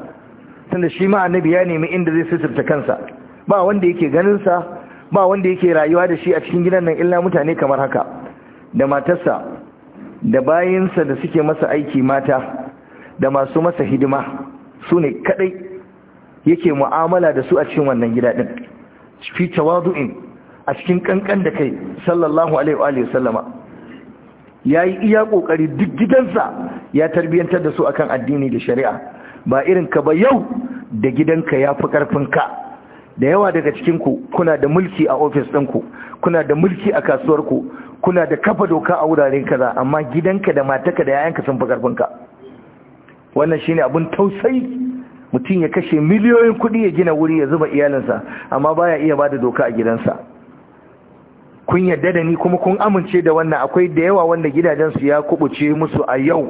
[SPEAKER 2] tunda shi ma annabi ya nemi inda zai suturta kansa ba wanda yake ganinsa ba wanda yake rayuwa da shi a cikin gidan nan illa mutane kamar haka da matarsa da bayansa da suke masa aiki mata da masu masa hidima su ne kadai yake mu'amala da su a cikin wannan gida din fi tawadu'in a cikin kankan da kai sallallahu alaihi wa sallama yayi iya kokari duk gidansa ya tarbiyantar da su akan addini da shari'a ba irin ka ba yau da gidanka fi karfin ka da yawa daga cikin ku kuna da mulki a office ɗinku kuna da mulki a kasuwar ku kuna da kafa doka a wuraren kaza amma gidanka da mataka da yayanka sun fi karfin ka wannan shine abun tausayi mutum ya kashe miliyoyin kuɗi ya gina wuri ya zuba iyalinsa amma baya iya bada doka a gidansa kun yadda da ni kuma kun amince da wannan akwai da yawa wanda gidajensu ya kubuce musu a yau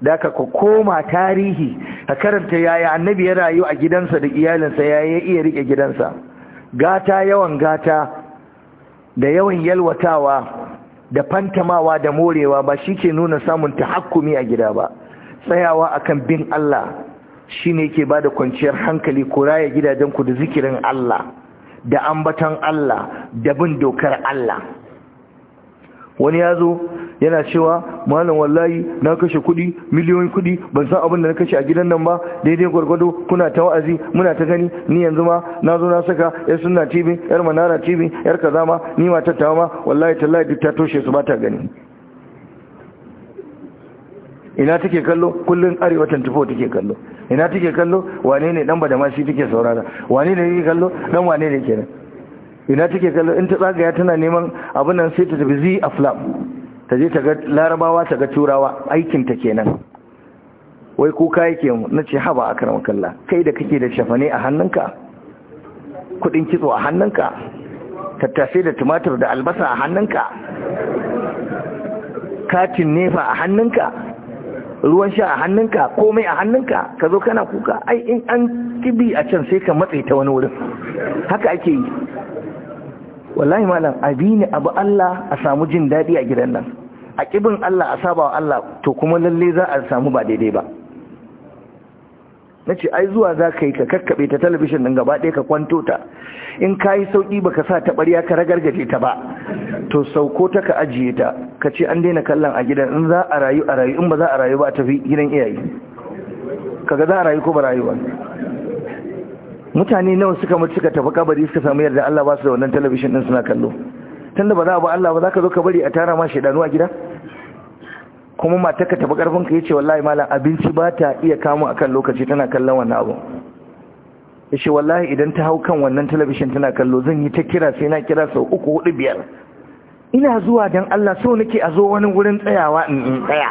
[SPEAKER 2] da ka koma tarihi ka karanta yaya annabi ya rayu a gidansa da iyalinsa yaya ya iya rike gidansa gata yawan gata da yawan yalwatawa da fantamawa da morewa ba shi ke nuna samun tahakkumi a gida ba tsayawa akan bin Allah shi shine ba da kwanciyar hankali ko raya gidajenku da zikirin Allah da ambaton Allah da bin dokar Allah wani ya zo yana cewa malam wallahi na kashe kudi miliyoyin kudi ban san abin da na kashe a gidan nan ba daidai gwargwado kuna ta wa'azi muna ta gani ni yanzu ma na zo na saka yar sunna tv yar manara tv yar kaza ma ni ma ta tawa ma wallahi tallahi duk ta toshe su ba ta gani ina take kallo Kullum arewa 24 take kallo ina take kallo wane ne dan badama shi take saurara wane ne yake kallo dan wane ne kenan ina take kallo in ta tsagaya tana neman abin nan sai ta tafi zi aflam ta je ta ga larabawa ta ga turawa aikin ta kenan wai kuka yake mu nace haba akram kalla kai da kake da shafane a hannunka kudin kitso a hannunka tattasai da tumatur da albasa a hannunka katin nefa a hannunka ruwan sha a hannunka komai a hannunka ka zo kana kuka ai in an kibi a can sai ka matse ta wani wurin haka ake yi wallahi malam abi ne abu Allah a samu jin daɗi a gidan nan a kibin Allah a saba wa Allah to kuma lalle za a samu ba daidai ba na ce ai zuwa za ka yi ka kakkaɓe ta talabishin ɗin gaba ɗaya ka kwanto ta in ka yi sauƙi ba ka sa ta ɓarya ka ragargaje ta ba to sauko ta ka ajiye ta ka ce an daina kallon a gidan in za a rayu a rayu in ba za a rayu ba a tafi gidan iyaye kaga za a rayu ko ba rayu ba mutane nawa suka mutu suka tafi kabari suka samu yarda Allah ba su da wannan talabishin ɗin suna kallo tunda ba za a ba Allah ba za ka zo ka bari a tara ma shaidanu a gida kuma mata ka tafi karfin ka yace wallahi malam abinci ba ta iya kamu akan lokaci tana kallon wannan abu yace wallahi idan ta hau kan wannan talabishin tana kallo zan yi ta kira sai na kira sau uku hudu biyar ina zuwa dan Allah so nake a zo wani wurin tsayawa in in tsaya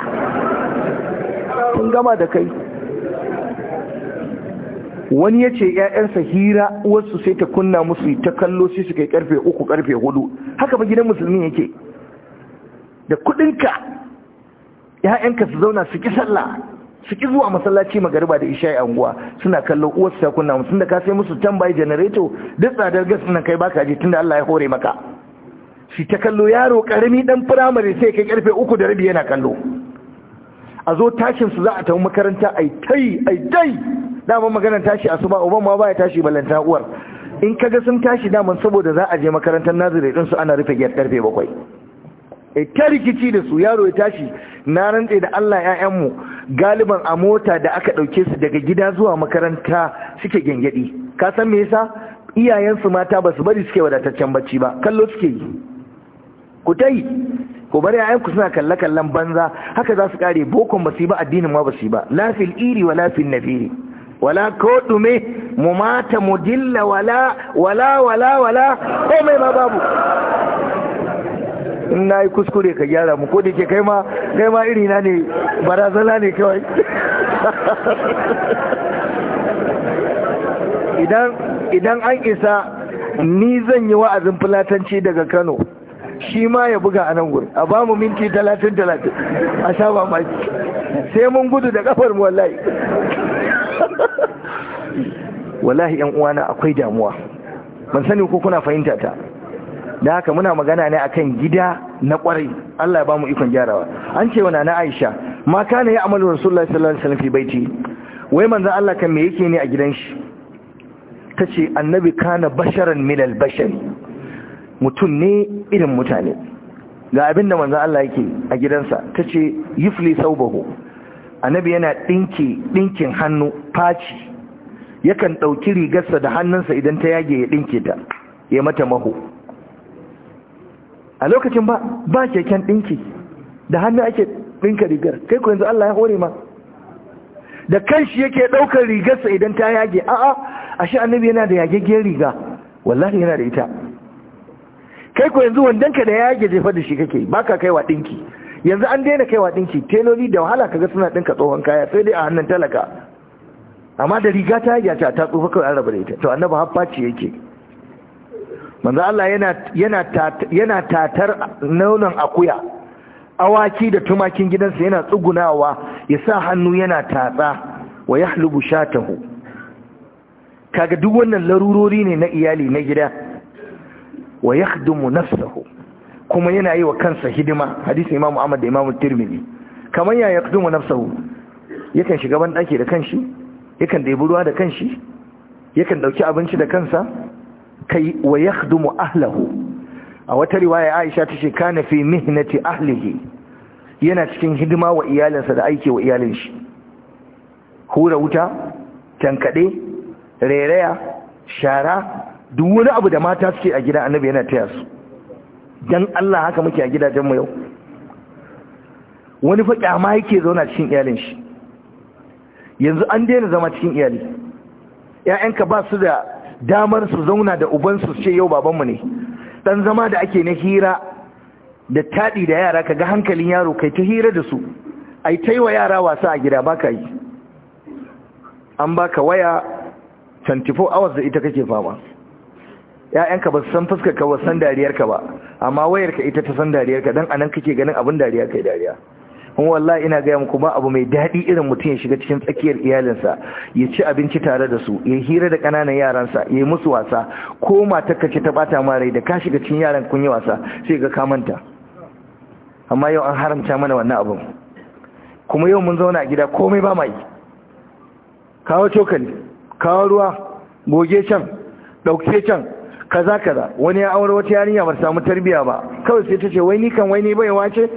[SPEAKER 2] kun gama da kai wani yace ce ‘ya'yansa hira wasu sai ta kunna musu ta kallo sai su kai karfe uku karfe hudu haka ba gidan musulmi yake da kudinka ya'yanka su zauna su ki sallah su ki zuwa masallaci magariba da isha'i unguwa suna kallo uwar su kunna musu da ka sai musu tambayi generator duk tsadar gas nan kai baka ji tunda Allah ya hore maka shi ta kallo yaro karami dan firamare sai kai karfe uku da rabi yana kallo a zo tashin su za a tafi makaranta ai tai ai dai dama magana tashi asuba uban ma baya tashi balanta uwar in kaga sun tashi dama saboda za a je makarantar nazire din su ana rufe gate karfe bakwai e ta rikici da su yaro ya tashi na rantse da Allah ƴaƴanmu galiban a mota da aka ɗauke su daga gida zuwa makaranta suke gyangyaɗi ka san me yasa iyayensu mata ba su bari suke wadataccen bacci ba kallo suke yi ku ta yi ku bari ƴaƴanku suna kalle kallon banza haka za su kare bokon ba su ba addinin ma ba su yi ba lafil iri wa lafil nafiri wala ko dume mu mata mu dilla wala wala wala wala komai ma babu in na yi kuskure ka gyara mu ko da ke kai ma kai ma irina ne barazana ne kawai idan an isa ni zan yi wa'azin fulatanci daga kano shi ma ya buga a nan gurin a ba mu minti talatin talatin a sha ba maki sai mun gudu da kafar mu wallahi wallahi yan uwana akwai damuwa ban sani ko kuna fahimta ta da haka muna magana ne akan gida na kwarai Allah ya ba mu ikon gyarawa an ce wa nana Aisha ma kana ya amalu Rasulullahi sallallahu alaihi wasallam fi baiti wai manzon Allah kan me yake ne a gidan shi tace annabi kana basharan min al-bashar mutum ne irin mutane ga abinda manzon Allah yake a gidansa tace yufli saubahu annabi yana dinki dinkin hannu faci yakan dauki rigarsa da hannunsa idan ta yage ya dinke ta ya mata maho a lokacin ba ba keken ɗinki da hannu ake ɗinka rigar kai ku yanzu Allah ya hore ma da kanshi yake ɗaukar rigarsa idan ta yage a'a ashe annabi yana da yageggen riga wallahi yana da ita kai ku yanzu wandonka da yage jefa da shi kake baka kaiwa ɗinki yanzu an daina kaiwa ɗinki teloli da wahala kaga suna ɗinka tsohon kaya sai dai a hannun talaka amma da riga ta yage ta tsufa kawai an raba da ita to annabi har yake manzo Allah yana tatar nonon akuya awaki da tumakin gidansa yana tsugunawa ya sa hannu yana tatsa wa yahlubu shatahu kaga duk wannan larurori ne na iyali na gida wa yakhdumu nafsahu kuma yana yi wa kansa hidima hadisi Imam Ahmad da Imam Tirmidhi kamar ya yakhdumu nafsahu yakan shiga ban daki da kanshi yakan debi ruwa da kanshi yakan dauki abinci da kansa kai wa yakhdumu ahlahu a wata riwaya Aisha ta ce kana fi mihnati ahlihi yana cikin hidima wa iyalinsa da aiki wa iyalin shi hura wuta tankade reraya, shara duk wani abu da mata suke a gida annabi yana taya su dan Allah haka muke a gidajenmu mu yau wani faƙa ma yake zauna cikin iyalin shi yanzu an daina zama cikin iyali 'ya'yanka ba su da damar su zauna da ubansu ce yau babanmu ne dan zama da ake na hira da taɗi da yara kaga hankalin yaro kai ta hira da su ai taiwa yara wasa a gida baka yi an baka waya 24 hours da ita kake fama ‘ya'yanka ba su san ka ba san dariyarka ba amma wayarka ita ta san dariyarka don anan kake ganin abin dariya kai dariya in wallahi ina gaya muku ba abu mai daɗi irin mutum ya shiga cikin tsakiyar iyalinsa ya ci abinci tare da su ya hira da ƙananan yaransa ya yi musu wasa ko mata kace ta bata ma rai da ka shiga cikin yaran kun yi wasa sai ga ka manta amma yau an haramta mana wannan abu. kuma yau mun zauna a gida komai ba mai kawo cokali kawo ruwa goge can ɗauke can kaza kaza wani ya aure wata yarinya ba samu tarbiya ba kawai sai ta ce wai ni kan wai ni bai wace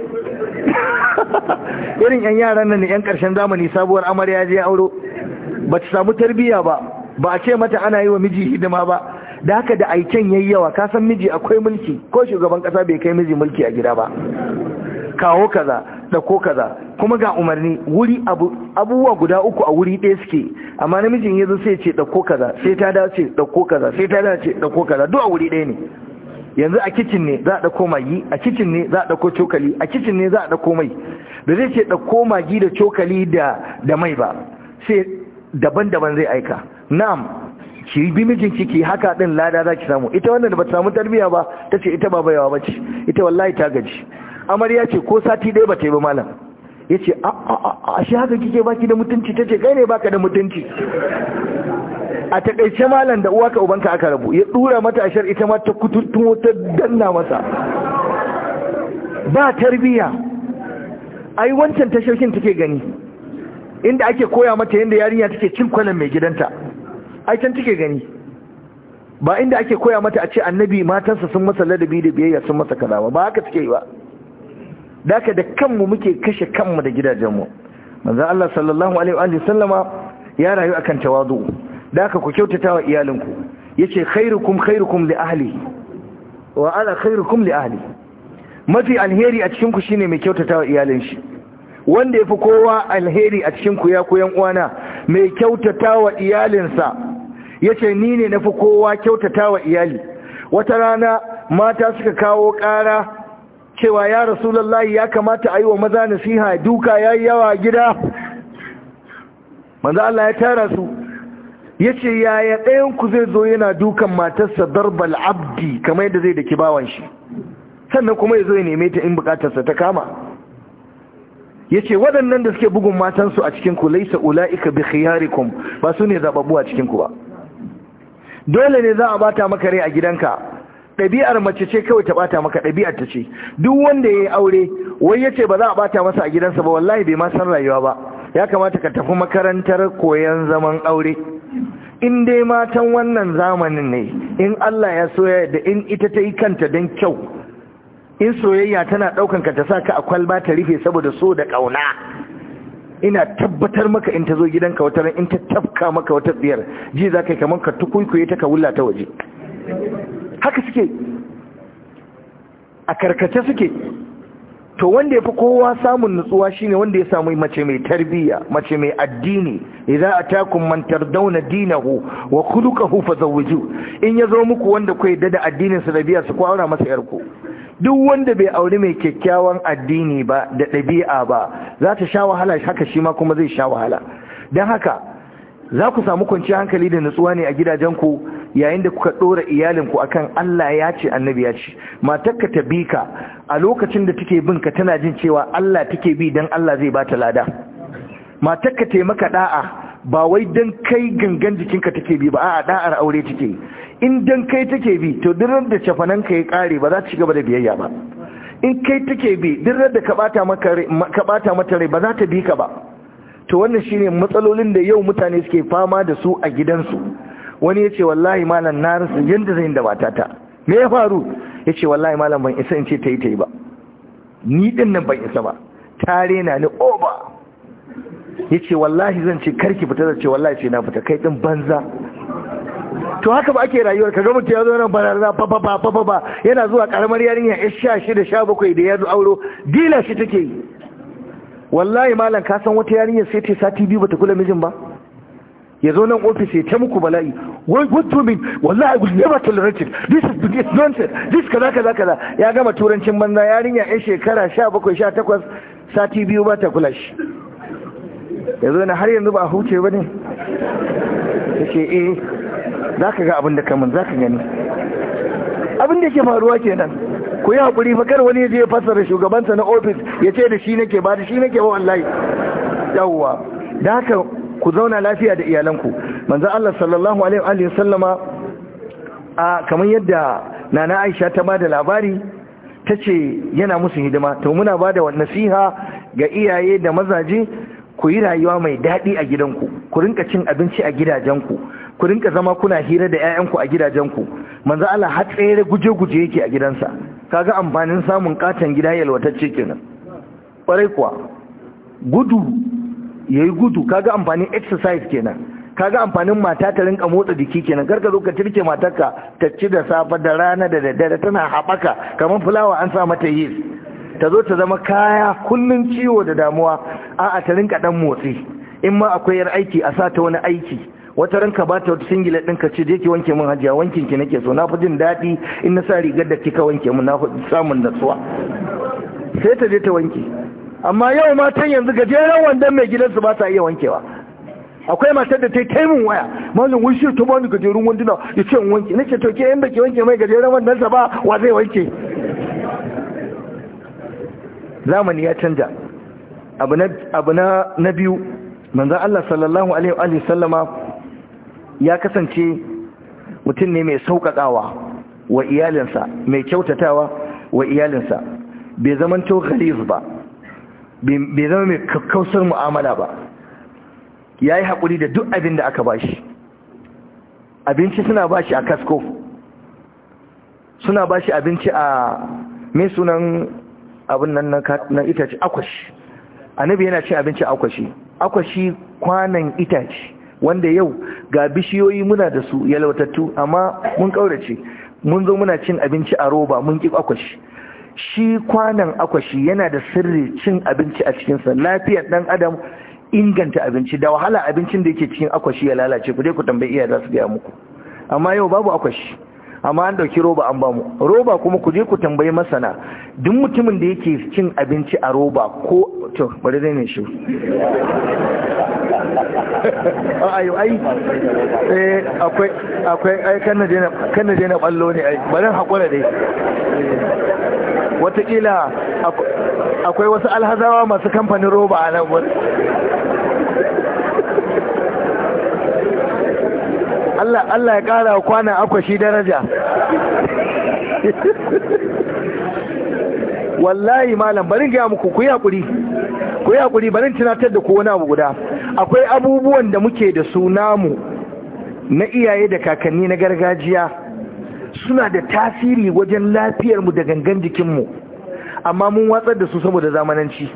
[SPEAKER 2] irin yan yaran nan yan karshen zamani sabuwar amarya je auro ba ta samu tarbiyya ba ba a ce mata ana yi wa miji hidima ba da haka da aiken yawa, ka san miji akwai mulki ko shugaban kasa bai kai miji mulki a gida ba kawo kaza da ko kaza kuma ga umarni wuri abubuwa guda uku a wuri ɗaya suke amma namijin yanzu sai ce ɗauko kaza sai ta dace ɗauko kaza sai ta dace ɗauko kaza duk a wuri ɗaya ne yanzu a kicin ne za a ɗauko magi a kicin ne za a ɗauko cokali a kicin ne za a ɗauko mai da zai ce ɗauko magi da cokali da mai ba sai daban-daban zai aika na'am ki bi mijinki ki haka din lada za ki samu ita wannan da ba ta samu tarbiyya ba ta ce ita ba baiwa ba ce ita wallahi ta gaji amarya ce ko sati ɗaya ba ta yi ba malam ya ce a shi haka kike baki da mutunci ta ce kai ne baka da mutunci a takaice malam da uwa ka ubanka aka rabu ya dura mata ashar ita ma ta kututun wata danna masa ba tarbiya ai wancan tashoshin take gani inda ake koya mata yadda yarinya take cin kwalan mai gidanta ai can take gani ba inda ake koya mata a ce annabi matansa sun masa ladabi da biyayya sun masa kaza ba haka take yi ba daka da kanmu muke kashe kanmu da gidajenmu manzo Allah sallallahu alaihi wa sallama ya rayu akan tawadu da aka ku kyautata wa iyalinku yace khairukum khairukum li ahli wa ana khairukum li ahli mafi alheri a cikinku ku shine mai kyautata wa iyalin shi wanda yafi kowa alheri a cikin ku ya ku yan uwana mai kyautata wa iyalinsa yace ni ne na fi kowa kyautata wa iyali wata rana mata suka kawo ƙara cewa ya rasulullahi ya kamata a yi wa maza nasiha duka ya yi yawa gida manzo Allah ya tara su ya ce yaya ɗayanku zai zo yana dukan matarsa darbal abdi kamar yadda zai da kibawan shi sannan kuma ya zo ya neme ta in bukatarsa ta kama ya ce waɗannan da suke bugun matansu a cikinku laisa ula'ika bi khiyarikum ba su ne zababbu a cikinku ba dole ne za a bata maka rai a gidanka ɗabi'ar mace ce kawai ta bata maka ɗabi'ar ta ce duk wanda ya yi aure wai ya ce ba za a bata masa a gidansa ba wallahi bai ma san rayuwa ba ya kamata ka tafi makarantar koyon zaman aure in dai matan wannan zamanin ne in Allah ya soya da in ita ta yi kanta don kyau in soyayya tana ɗaukan ka ta sa ka a kwalba ta rufe saboda so da kauna ina tabbatar maka in ta zo gidanka wata ran in ta tafka maka wata biyar ji za ka yi kamar ka tukuikuye ta ka wula ta waje haka suke a karkace suke to wanda yafi kowa samun nutsuwa shine wanda ya samu mace mai tarbiyya, mace mai addini idza atakum man tardawna dinahu wa khuluquhu fazawwiju in yazo muku wanda ku dada da addinin sa da su ku aura masa yarku duk wanda bai aure mai kyakkyawan addini ba da ɗabi'a ba za ta sha wahala haka shi ma kuma zai sha wahala dan haka za ku samu kwanciyar hankali da nutsuwa ne a gidajen ku yayin da kuka ɗora iyalinku akan Allah ya ce annabi ya ce matakka ta a lokacin da take bin ka tana jin cewa Allah take bi dan Allah zai bata lada matarka taimaka maka da'a ba wai dan kai gangan jikinka take bi ba a'a da'ar aure take in dan kai take bi to duk da cafanan ya kare ba za ci gaba da biyayya ba in kai take bi duk da ka bata maka ka bata mata rai ba za ta bi ka ba to wannan shine matsalolin da yau mutane suke fama da su a gidansu wani ya ce wallahi malam na rasa yadda zai da matata me ya faru ya ce wallahi malam ban isa in ce ta yi ta yi ba ni din nan ban isa ba tare na ni oba oh, ya ce wallahi zan ce karki fita zan ce wallahi ce na fita kai din banza to haka ba ake rayuwar ka ga ta ya nan banana ba ba ba ba ba yana zuwa karamar yarinya ya sha shida sha bakwai da ya auro dila shi take yi wallahi malam ka san wata yarinya sai ta sati biyu bata kula mijin ba ya zo nan ofis ya ta muku bala'i what, what do you mean wallahi I will never tolerate it this is this nonsense this kaza kaza kaza ya gama turancin banza yarinya ya shekara 17 18 sati biyu ba ta kula shi yanzu na har yanzu ba a huce ba ne ta eh za ka ga abin da kamun za ka gani abin da ke faruwa kenan ku yi haƙuri fakar wani je ya fassara shugabansa na ofis ya ce da shi nake ba da shi nake ba wallahi yawwa da haka ku zauna lafiya da iyalanku manzo Allah sallallahu alaihi wa a kamar yadda nana Aisha ta ba da labari tace yana musu hidima to muna bada nasiha ga iyaye da mazaje ku yi rayuwa mai daɗi a gidanku ku rinka cin abinci a gidajenku ku rinka zama kuna hira da 'ya'yanku a gidajenku manzo Allah har tsere guje-guje yake a gidansa kaga amfanin samun katon gida yalwatacce kenan kwarai kuwa gudu yayi gudu kaga amfanin exercise kenan Ka ga amfanin mata ta rinka motsa jiki kenan ka zo ka tirke matarka ta ci da safa da rana da daddare tana haɓaka kamar fulawa an sa mata yi ta zo ta zama kaya kullun ciwo da damuwa a'a ta rinka dan motsi in ma akwai yar aiki a sa ta wani aiki wata ranka ba ta wata singila ɗin ka ce je ki wanke min hajiya wankin ki nake so na fi jin daɗi in na sa rigar da kika wanke min na fi samun natsuwa sai ta je ta wanke amma yau matan yanzu gajeren wandon mai gidansu ba ta iya wankewa akwai matar da ta yi taimun waya mazin wushe ta bani gajerun wanduna ya ce wanke nake to ke yan ke wanke mai gajeren wandonsa ba wa zai wanke zamani ya canja abu na biyu manzan Allah sallallahu alaihi wa sallama ya kasance mutum ne mai sauƙaƙawa wa iyalinsa mai kyautatawa wa iyalinsa bai to ghaliz ba bai zama mai kakkausar mu'amala ba ya yi haƙuri da duk abin da aka ba shi abinci suna ba shi a kasko suna ba shi abinci a mai sunan abin nan na itace akwashi annabi yana cin abinci akwashi akwashi kwanan itace wanda yau ga bishiyoyi muna da su yalwatattu amma mun kaurace mun zo muna cin abinci a roba mun ƙi akwashi shi kwanan akwashi yana da sirri cin abinci a cikinsa lafiyar ɗan adam inganta abinci da wahala abincin da yake cikin akwashi ya lalace ku dai ku tambayi iya za su gaya muku amma yau babu akwashi amma an dauki roba an bamu roba kuma ku je ku tambayi masana duk mutumin da yake cin abinci a roba ko to bari zai ne shi ayo ai eh akwai akwai ai kana je na kana je na ballo ne ai bari hakura dai eh, wataƙila akwai wasu alhazawa masu kamfanin roba a nan gudu Allah ya ƙara kwanan akwashi daraja wallahi malam barin gaya muku ku yi haƙuri ku yi barin tunatar da ku wani abu guda akwai abubuwan da muke da su namu na iyaye da kakanni na gargajiya suna da tasiri wajen lafiyarmu da gangan jikinmu amma mun watsar da su saboda zamananci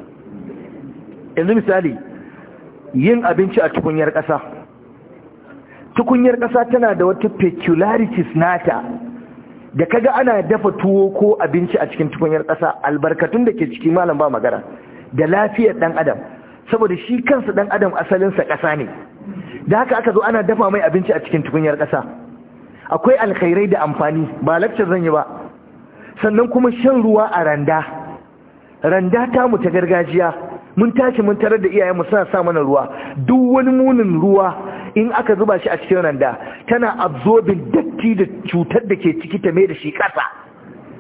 [SPEAKER 2] yanzu misali yin abinci a tukunyar ƙasa tukunyar ƙasa tana da wata peculiarities nata da kaga ana dafa tuwo ko abinci a cikin tukunyar ƙasa albarkatun da ke ciki malam ba magana da lafiyar ɗan adam saboda shi kansa ɗan adam asalinsa ƙasa ne da haka aka zo ana dafa mai abinci a cikin tukunyar ƙasa akwai alkhairai da amfani ba lakcin zan yi ba sannan kuma shan ruwa a randa randa ta mu ta gargajiya mun tashi mun tarar da iyayenmu suna sa mana ruwa duk wani munin ruwa in aka zuba shi a cikin randa tana absorbing datti da cutar da ke ciki ta mai da shi kasa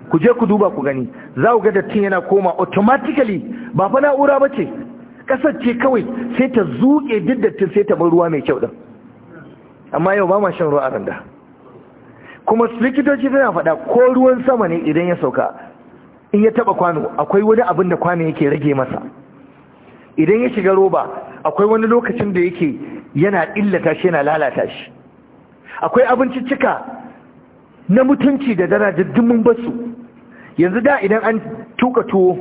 [SPEAKER 2] ku je ku duba ku gani za ku ga dattin yana koma automatically ba fa na'ura ba ce kasar ce kawai sai ta zuƙe duk dattin sai ta bar ruwa mai kyau din amma yau ba ma shan ruwa a randa kuma likitoci suna faɗa ko ruwan sama ne idan ya sauka in ya taba kwano akwai wani abin da kwano yake rage masa idan ya shiga roba akwai wani lokacin da yake yana illata shi yana lalata shi akwai abinciccika na mutunci da mun basu yanzu da idan an tuka tuwo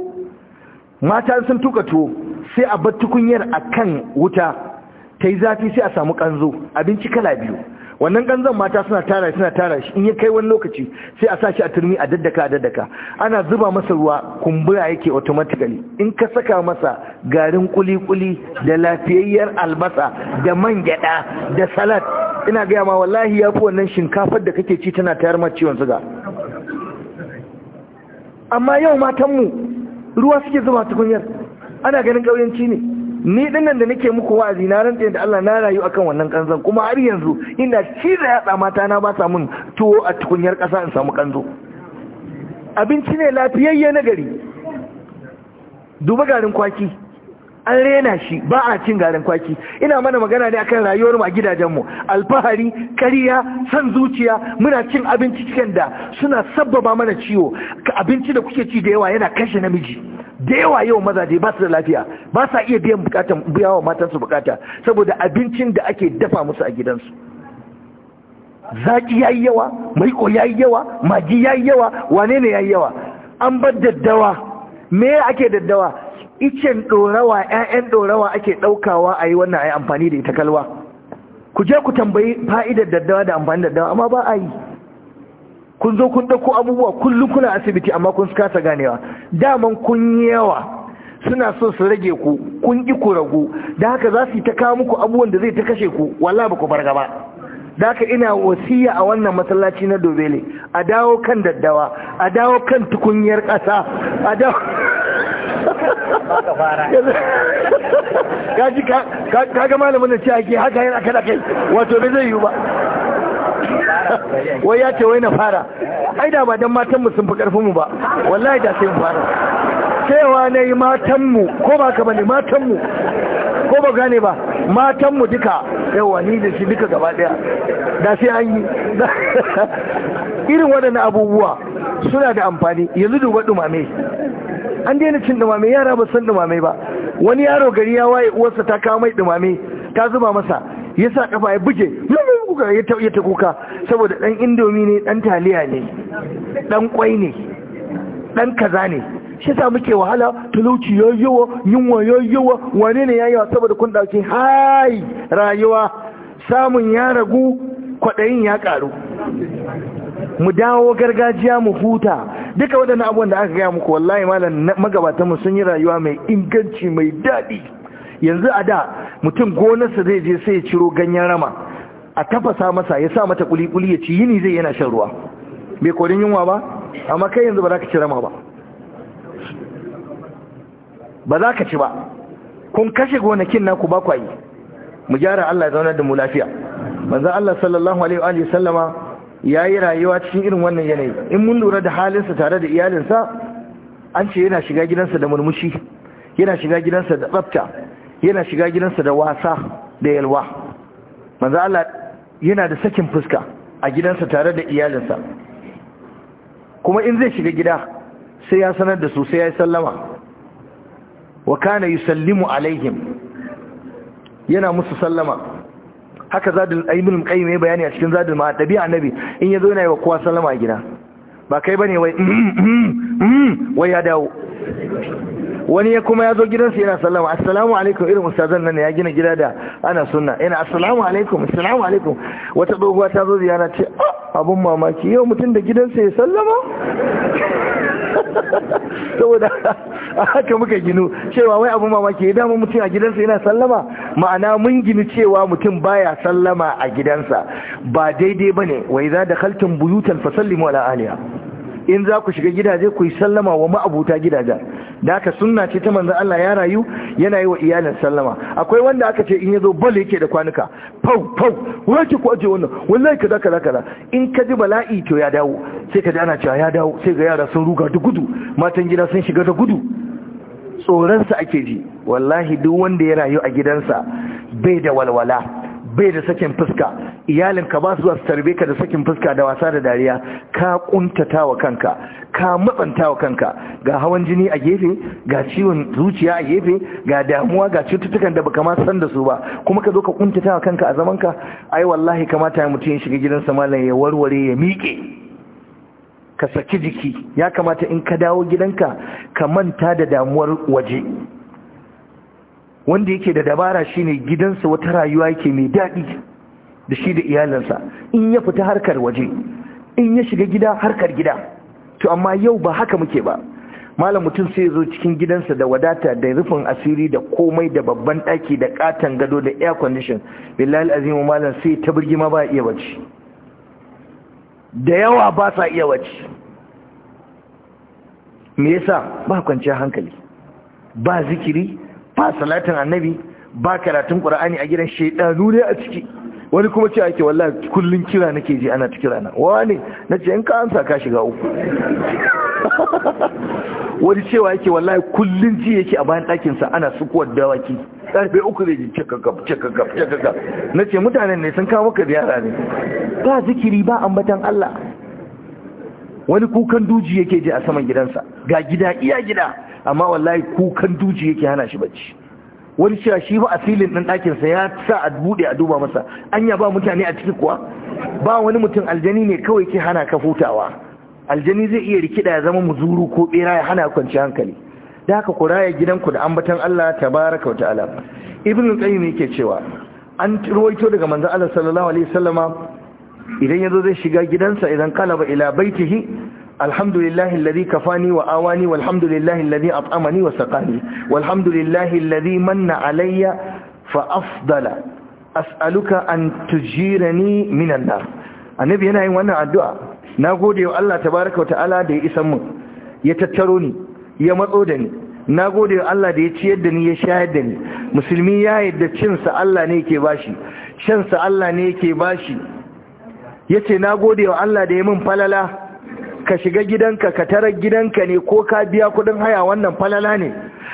[SPEAKER 2] mata sun tuka tuwo sai a bar tukunyar kan wuta ta yi zafi sai a samu kanzo abinci kala biyu wannan ganzan mata suna tara suna tara shi in ya kai wani lokaci sai a sa shi a turmi a daddaka a daddaka ana zuba masa ruwa kumbura yake automatically in ka saka masa garin kuli-kuli da lafiyayyar albasa da man gyada da salad ina gaya ma wallahi ya fi wannan shinkafar da kake ci tana tayar ma ciwon suga amma yau matanmu ruwa suke zuba tukunyar ana ganin ƙauyenci ne ni dinnan da nake muku wa'azi na rantse da Allah na rayu akan wannan kanzon kuma har yanzu ina ciza yatsa mata na ba samun tuwo a tukunyar kasa in samu kanzo abinci ne lafiyayye na gari duba garin kwaki an rena shi ba a cin garin kwaki ina mana magana ne akan rayuwar mu a mu alfahari kariya san zuciya muna cin abinci cikin da suna sabbaba mana ciwo abinci da kuke ci da yawa yana kashe namiji da yawa yau maza dai ba su da lafiya ba sa iya biyan bukatan biyawa wa matansu bukata saboda abincin da ake dafa musu a gidansu zaki yayi yawa maiko yayi yawa magi yayi yawa wane ne yayi yawa an bar daddawa me ake daddawa icen ɗorawa 'ya'yan ɗorawa ake ɗaukawa a yi wannan a yi amfani da ita kalwa ku je ku tambayi fa'idar daddawa da amfani daddawa amma ba a yi kun zo kun ɗauko abubuwa kullum kuna asibiti amma kun kasa ganewa daman kun yi yawa suna so su rage ku kun ƙi ku ragu da haka za su yi ta kawo muku abubuwan da zai ta kashe ku walla ba ku farga da haka ina wasiya a wannan masallaci na dobele a dawo kan daddawa a dawo kan tukunyar ƙasa a dawo kaji ka ga malamin da ce ake haka yana kada kai wato bai zai yi ba wai ya ce wai na fara ai da ba dan matan mu sun fi karfin mu ba wallahi da sai mu fara cewa ne matan mu ko ba ka bane matan mu ko ba gane ba matan mu duka yawa ni da shi duka gaba daya da sai an yi irin waɗannan abubuwa suna da amfani yanzu duba dumame an daina cin dumame yara ba san dumame ba wani yaro gari ya waye uwarsa ta kawo mai dumame ta zuba masa ya sa kafa ya buge ya ta kuka saboda dan indomi ne dan taliya ne dan kwai ne dan kaza ne shi sa muke wahala talauci ya yawa yunwa ya yawa wane ne ya yawa saboda kun dauke hai rayuwa samun ya ragu kwaɗayin ya ƙaru mu dawo gargajiya mu huta duka waɗannan abubuwan da aka gaya muku wallahi malam magabatanmu sun yi rayuwa mai inganci mai daɗi yanzu a da mutum gonarsa zai je sai ya ciro ganyen rama a tafasa masa ya sa mata kuli-kuli ya ci yini zai yana shan ruwa bai kodin yunwa ba amma kai yanzu ba za ka ci rama ba ba za ka ci ba kun kashe gonakin naku ba kwayi mu gyara Allah ya zauna da mu lafiya manzon Allah sallallahu alaihi wa sallama ya yi rayuwa cikin irin wannan yanayi in mun lura da halinsa tare da iyalinsa an ce yana shiga gidansa da murmushi yana shiga gidansa da tsafta yana shiga gidansa da wasa da yalwa manzo Allah yana da sakin fuska a gidansa tare da iyalinsa kuma in zai shiga gida sai ya sanar da su sai ya sallama wa kana yusallimu alaihim yana musu sallama haka zadin aibul qayyim ya bayani a cikin zadin ma tabi'a annabi in yazo yana yi wa kowa sallama gida ba kai bane wai mm, mm, mm, wai ya dawo wani ya kuma ya zo gidansa yana sallama assalamu alaikum irin ustazan nan ya gina gida da ana sunna yana assalamu alaikum assalamu alaikum wata doguwa ta zo ziyara ce oh, abun mamaki yau mutum da gidansa ya sallama saboda haka muka ginu cewa wai abun mamaki ya eh, dama mutum a gidansa yana sallama ma'ana mun gini cewa mutum baya sallama a gidansa ba daidai bane wa idza dakhaltum buyutan fasallimu ala ahliha in za ku shiga gidaje ku yi sallama wa ma'abuta gidajen da haka sunna ce ta manzon Allah ya rayu yana yi wa iyalin sallama akwai wanda aka ce in ya zo bal yake da kwanuka pau pau wace ku aje wannan wallahi kaza kaza kaza in ka ji bala'i to ya dawo sai ka ji ana cewa ya dawo sai ga yara sun ruga da gudu matan gida sun shiga da gudu tsoronsa ake ji wallahi duk wanda ya rayu a gidansa bai da walwala bai da sakin fuska iyalinka ba su zuwa su tarbe ka da sakin fuska da wasa da dariya ka kuntata wa kanka ka matsanta wa kanka ga hawan jini a gefe ga ciwon zuciya a gefe ga damuwa ga cututtukan da baka ma san da su ba kuma ka zo ka kuntata wa kanka a zaman ka ai wallahi kamata ya mutum ya shiga sa malam ya warware ya miƙe ka saki jiki ya kamata in ka dawo gidanka ka manta da damuwar waje wanda yake da dabara shine gidansa wata rayuwa yake mai daɗi da shi da iyalansa in ya fita harkar waje in ya shiga gida harkar gida to amma yau ba haka muke ba malam mutum sai zo cikin gidansa da wadata da rufin asiri da komai da babban ɗaki da katon gado da air condition billahi azimu malam sai ta birgima ba iya wace da yawa ba sa iya wace me yasa ba kwanciyar hankali ba zikiri ba salatin annabi ba karatun qur'ani a gidan shaydanu ne a ciki wani kuma ce ake wallahi kullun kira nake ji ana ta kira na wani nace in ka ansa ka shiga uku wani cewa yake wallahi kullun ji yake a bayan ɗakin sa ana sukuwar dawaki karfe uku zai ji cikakaf cikakaf cikakaf nace mutanen ne sun kawo maka ziyara ne ba zikiri ba ambatan Allah wani kukan duji yake ji a saman gidansa ga gida iya gida amma wallahi kukan duji yake hana shi bacci wani cewa shi ba a ɗan ɗakinsa ya sa a buɗe a duba masa anya ba mutane a ciki kuwa ba wani mutum aljani ne kawai ke hana ka hutawa aljani zai iya rikida ya zama muzuru ko bera ya hana kwanci hankali da haka kuraya gidanku da ambatan Allah tabaraka wa ta'ala ibn qayyim yake cewa an ruwaito daga manzo Allah sallallahu alaihi wasallama idan yazo zai shiga gidansa idan qalaba ila baitihi alhamdulillahi alladhi kafani wa awani walhamdulillahi alladhi at'amani wa saqani walhamdulillahi alladhi manna alayya fa afdala as'aluka an tujirani minan nar annabi yana yin wannan addu'a nagode wa Allah tabaaraka wa ta'ala da ya isan mun. ya tattaro ni ya matso da ni na gode wa Allah da ya ciyar da ni ya shayar da ni musulmi ya yadda cinsa Allah ne yake bashi shansa Allah ne yake bashi ya ce na gode wa Allah da ya min falala ka shiga gidanka ka tarar gidanka ne ko ka biya kudin haya wannan falala ne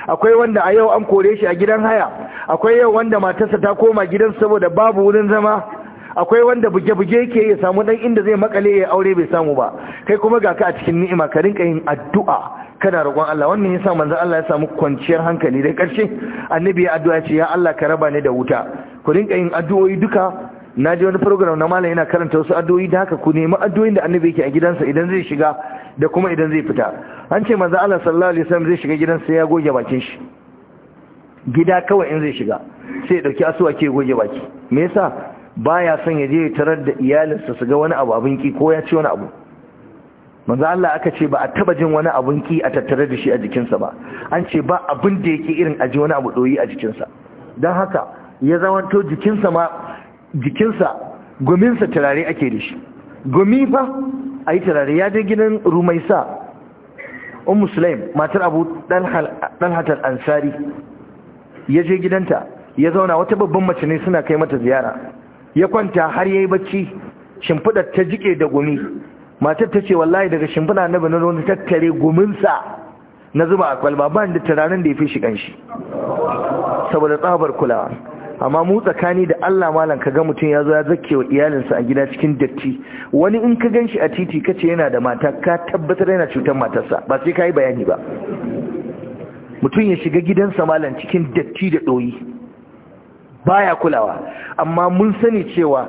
[SPEAKER 2] akwai wanda a yau an kore shi a gidan haya akwai yau wanda matarsa ta koma gidan saboda babu wurin zama akwai wanda buge-buge yake ya samu dan inda zai makale ya aure bai samu ba kai kuma ga ka a cikin ni'ima ka rinka yin addu'a kana roƙon Allah wannan yasa manzon Allah ya samu kwanciyar hankali da ƙarshe annabi ya addu'a ce ya Allah ka raba ni da wuta ku rinka yin addu'o'i duka na ji wani program na malam yana karanta wasu addu'o'i da haka ku nemi addu'o'in da annabi yake a gidansa idan zai shiga da kuma idan zai fita an ce manzo Allah sallallahu alaihi wasallam zai shiga gidansa ya goge bakin shi gida kawai in zai shiga sai ya dauki asuwa ke goge baki me yasa baya son ya je ya tarar da iyalinsa su ga wani abu abin ki ko ya ci wani abu manzo Allah aka ce ba a taba jin wani abun ki a tattare da shi a jikinsa ba an ce ba abin da yake irin aji wani abu doyi a jikinsa don haka ya zamanto jikinsa ma jikinsa guminsa turare ake da shi gumi fa a yi turare ya je gidan rumaisa un musulaim matar abu ɗanhatar ansari ya je gidanta ya zauna wata babban mace ne suna kai mata ziyara ya kwanta har ya yi bacci shimfiɗar ta jike da gumi matar ta ce wallahi daga shimfiɗa na bana wani tattare guminsa na zuba a kwalba bani da turaren da ya fi shi kanshi saboda tsabar kulawa amma mu tsakani da Allah malam ka ga mutum ya zo ya zake wa iyalinsa a gida cikin datti wani in ka ganshi a titi kace yana da mata ka tabbatar yana cutar matarsa ba sai ka yi bayani ba mutum ya shiga gidansa malam cikin datti da ɗoyi baya kulawa amma mun sani cewa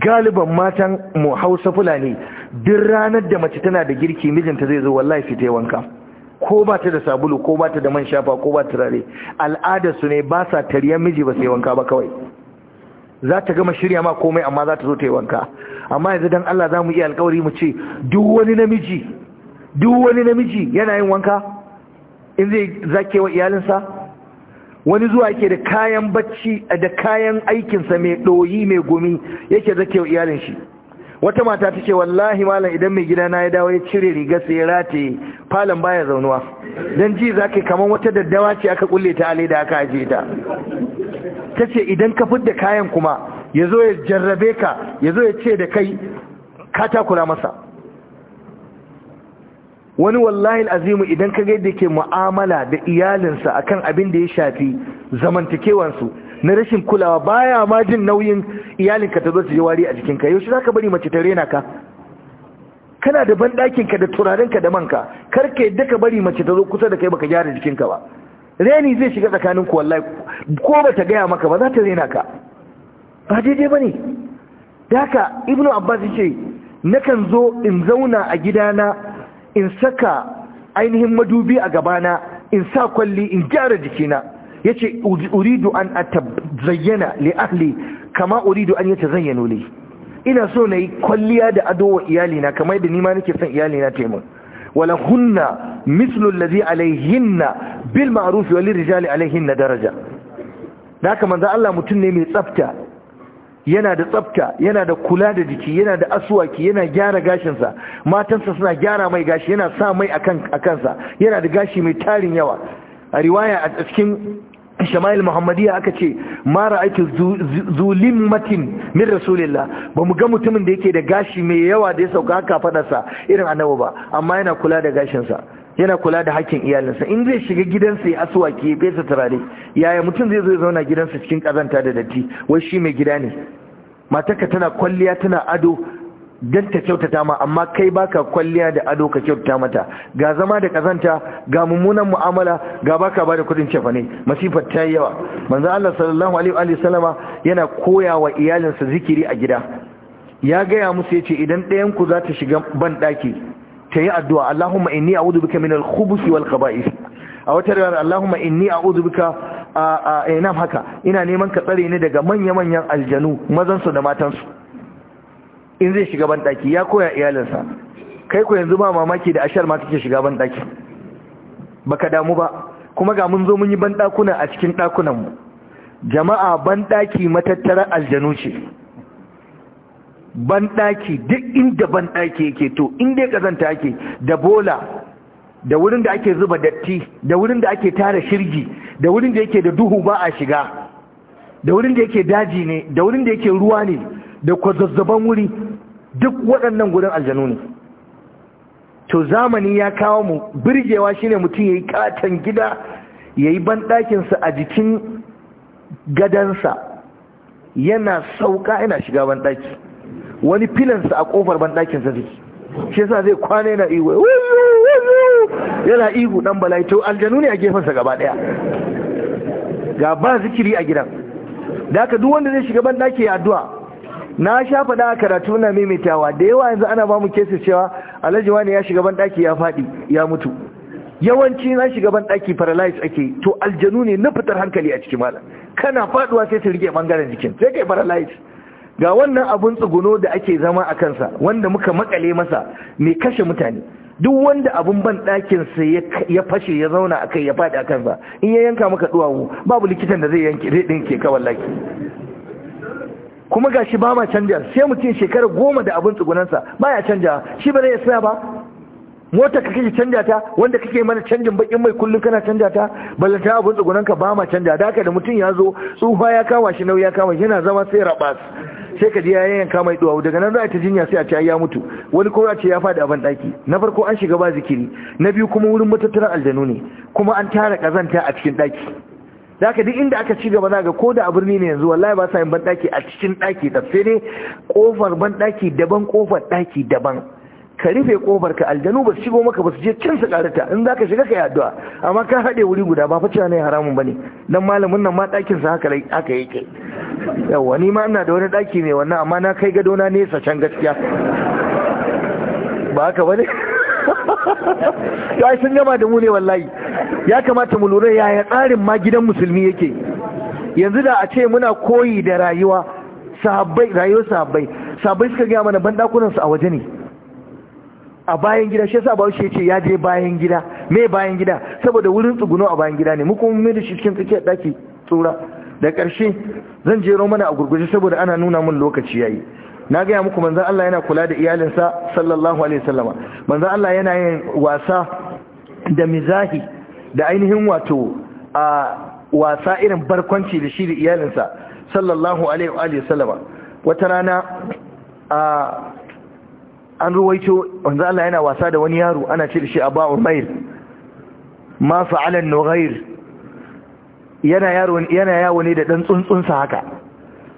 [SPEAKER 2] galiban matan mu hausa fulani duk ranar da mace tana da girki mijinta zai zo wallahi fita wanka ko ba ta da sabulu ko ba ta da man shafa ko ba turare al'adar su ne ba sa tariya miji ba sai wanka ba kawai za ta gama shirya ma komai amma za ta zo ta yi wanka amma yanzu dan Allah za mu iya alkawari mu ce duk wani namiji duk wani namiji yana yin wanka in zai zake wa iyalinsa wani zuwa yake da kayan bacci da kayan aikinsa mai ɗoyi mai gumi yake zake wa iyalin shi wata mata ta ce wallahi malam idan mai gidana ya dawo ya cire riga sai ya rataye falon baya zaunuwa dan ji zaka kaman kamar wata daddawa ce aka kulle ta alai da aka aje ta tace ce idan ka fidda kayan kuma ya ya jarrabe ka ya ya ce da kai ka takura masa wani wallahi azimu idan ka ga yadda ke mu'amala da iyalinsa akan abin da ya shafi zamantakewansu na rashin kulawa baya ma jin nauyin iyalinka ta zo su ji wari a jikinka yaushe za ka bari mace ta rena ka kana da banɗakinka da turarenka da manka kar ka yadda ka bari mace ta zo kusa da kai baka gyara jikinka ba reni zai shiga tsakaninku wallahi ko ba ta gaya maka ba za ta rena ka ba daidai ba ne daka ibnu abbas ce nakan zo in zauna a gidana in saka ainihin madubi a gabana in sa kwalli in gyara jikina yace uridu an atazayyana li ahli kama uridu an yatazayyanu li ina so nayi kwalliya da ado wa iyalina kamar da nima nake son iyalina na wala hunna mislu allazi alaihinna bil ma'ruf wa rijali alaihinna daraja da kamar da Allah mutum ne mai tsafta yana da tsafta yana da kula da jiki yana da asuwaki yana gyara gashinsa matansa suna gyara mai gashi yana sa mai akan sa, yana da gashi mai tarin yawa a riwaya a cikin shama'il muhammadiyya aka ce mara aiki zulimmatin min rasulillah ba mu ga mutumin da yake da gashi mai yawa da ya sauka haka fadarsa irin annabi ba amma yana kula da gashinsa yana kula da hakkin iyalinsa in zai shiga gidansa ya asuwaki ya fesa turare yaya mutum zai zo ya zauna gidansa cikin kazanta da datti wai shi mai gida ne matarka tana kwalliya tana ado don ta kyautata ma amma kai baka kwalliya da ado ka kyautata mata ga zama da kazanta ga mummunan mu'amala ga baka bada kudin cefa ne masifar ta yi yawa manzo Allah sallallahu alaihi wa sallama yana koya wa iyalinsa zikiri a gida ya gaya musu ya ce idan ɗayan ku za ta shiga ban daki ta yi addu'a Allahumma inni a'udhu bika min al-khubuth wal khaba'is a wata rawar Allahumma inni a'udhu bika a ina eh, haka ina neman ka tsare ni daga manya-manyan aljanu mazan su da matan su in zai shiga banɗaki ya koya iyalinsa kai ku yanzu ba mamaki da ashar ma kake shiga banɗaki baka damu ba kuma ga mun zo mun yi banɗakuna a cikin mu jama'a banɗaki matattarar aljanu ce banɗaki duk inda banɗaki yake to inda kazanta ƙazanta da bola da wurin da ake zuba datti da wurin da ake tara shirgi da wurin da yake da duhu ba a shiga da wurin da yake daji ne da wurin da yake ruwa ne da kwazazzaban wuri duk waɗannan gurin aljanu ne to zamani ya kawo mu birgewa shine mutum ya yi katon gida ya yi banɗakinsa a jikin gadansa yana sauka yana shiga banɗaki wani filansa a ƙofar banɗakinsa ziki. shi sa zai kwana yana ihu yana ihu ɗan bala'i to aljanu ne a gefensa gaba ɗaya ga ba zikiri a gidan da aka duk wanda zai shiga banɗaki ya addu'a na sha faɗa a karatu na maimaitawa da yawa yanzu ana ba mu kesa cewa alhaji wani ya shiga ban ɗaki ya faɗi ya mutu yawanci na shiga ban ɗaki paralyze ake to aljanu ne na fitar hankali a cikin malam kana faɗuwa sai su rike ɓangaren jikin sai kai paralyze ga wannan abun tsuguno da ake zama a kansa wanda muka makale masa mai kashe mutane duk wanda abun ban sa ya fashe ya zauna a kai ya faɗi a kansa in ya yanka maka duwawu babu likitan da zai yanke zai ɗinke ka kuma shi ba ma canja sai mutum shekara goma da abin tsugunansa ba ya canja shi ba zai saya ba mota ka kake canja ta wanda kake mana canjin bakin mai kullum kana canja ta ballata abin tsugunanka ba ma canja da haka da mutum ya zo tsufa ya kama shi nauyi ya kama yana zama sai rabas sai ka ji ya yanka mai duwawu daga nan za ta jinya sai a ce ya mutu wani kowa ce ya faɗi abin banɗaki na farko an shiga ba zikiri na biyu kuma wurin matattaran aljanu ne kuma an tara kazanta a cikin ɗaki zaka duk inda aka ci gaba za ga ko da a birni ne yanzu wallahi ba sa yin banɗaki a cikin ɗaki da ne dai ƙofar banɗaki daban kofar ɗaki daban ka rufe kofar ka aljanu ba su shigo maka ba su je cin su karata in zaka ka shiga ka yi addu'a amma ka haɗe wuri guda ba fice ne haramun ba ne dan malamin nan ma dakin sa haka yi yake yawa ni ma ina da wani daki ne wannan amma na kai gadona nesa can gaskiya ba haka ba ya ai sun gama da mu ne wallahi ya kamata mu lura yaya tsarin ma gidan musulmi yake yanzu da a ce muna koyi da rayuwa sahabbai rayuwar sahabbai sahabbai suka gaya mana bandakunan su a waje ne a bayan gida shi yasa bawo shi yace ya je bayan gida me bayan gida saboda wurin tsuguno a bayan gida ne mu kuma mu da shi cikin tsakiyar daki tsura da karshe zan jero mana a gurguje saboda ana nuna mun lokaci yayi na gaya muku manzan Allah yana kula da iyalinsa sallallahu alaihi sallama manzan Allah yana yin wasa da mizahi da ainihin wato a wasa irin barkwanci da shi da iyalinsa sallallahu alaihi sallama wata rana a an ruwaito manzan Allah yana wasa da wani yaro ana ce da shi a ba'ur mai ma fa'alan nughair yana yawo ne da ɗan tsuntsunsa haka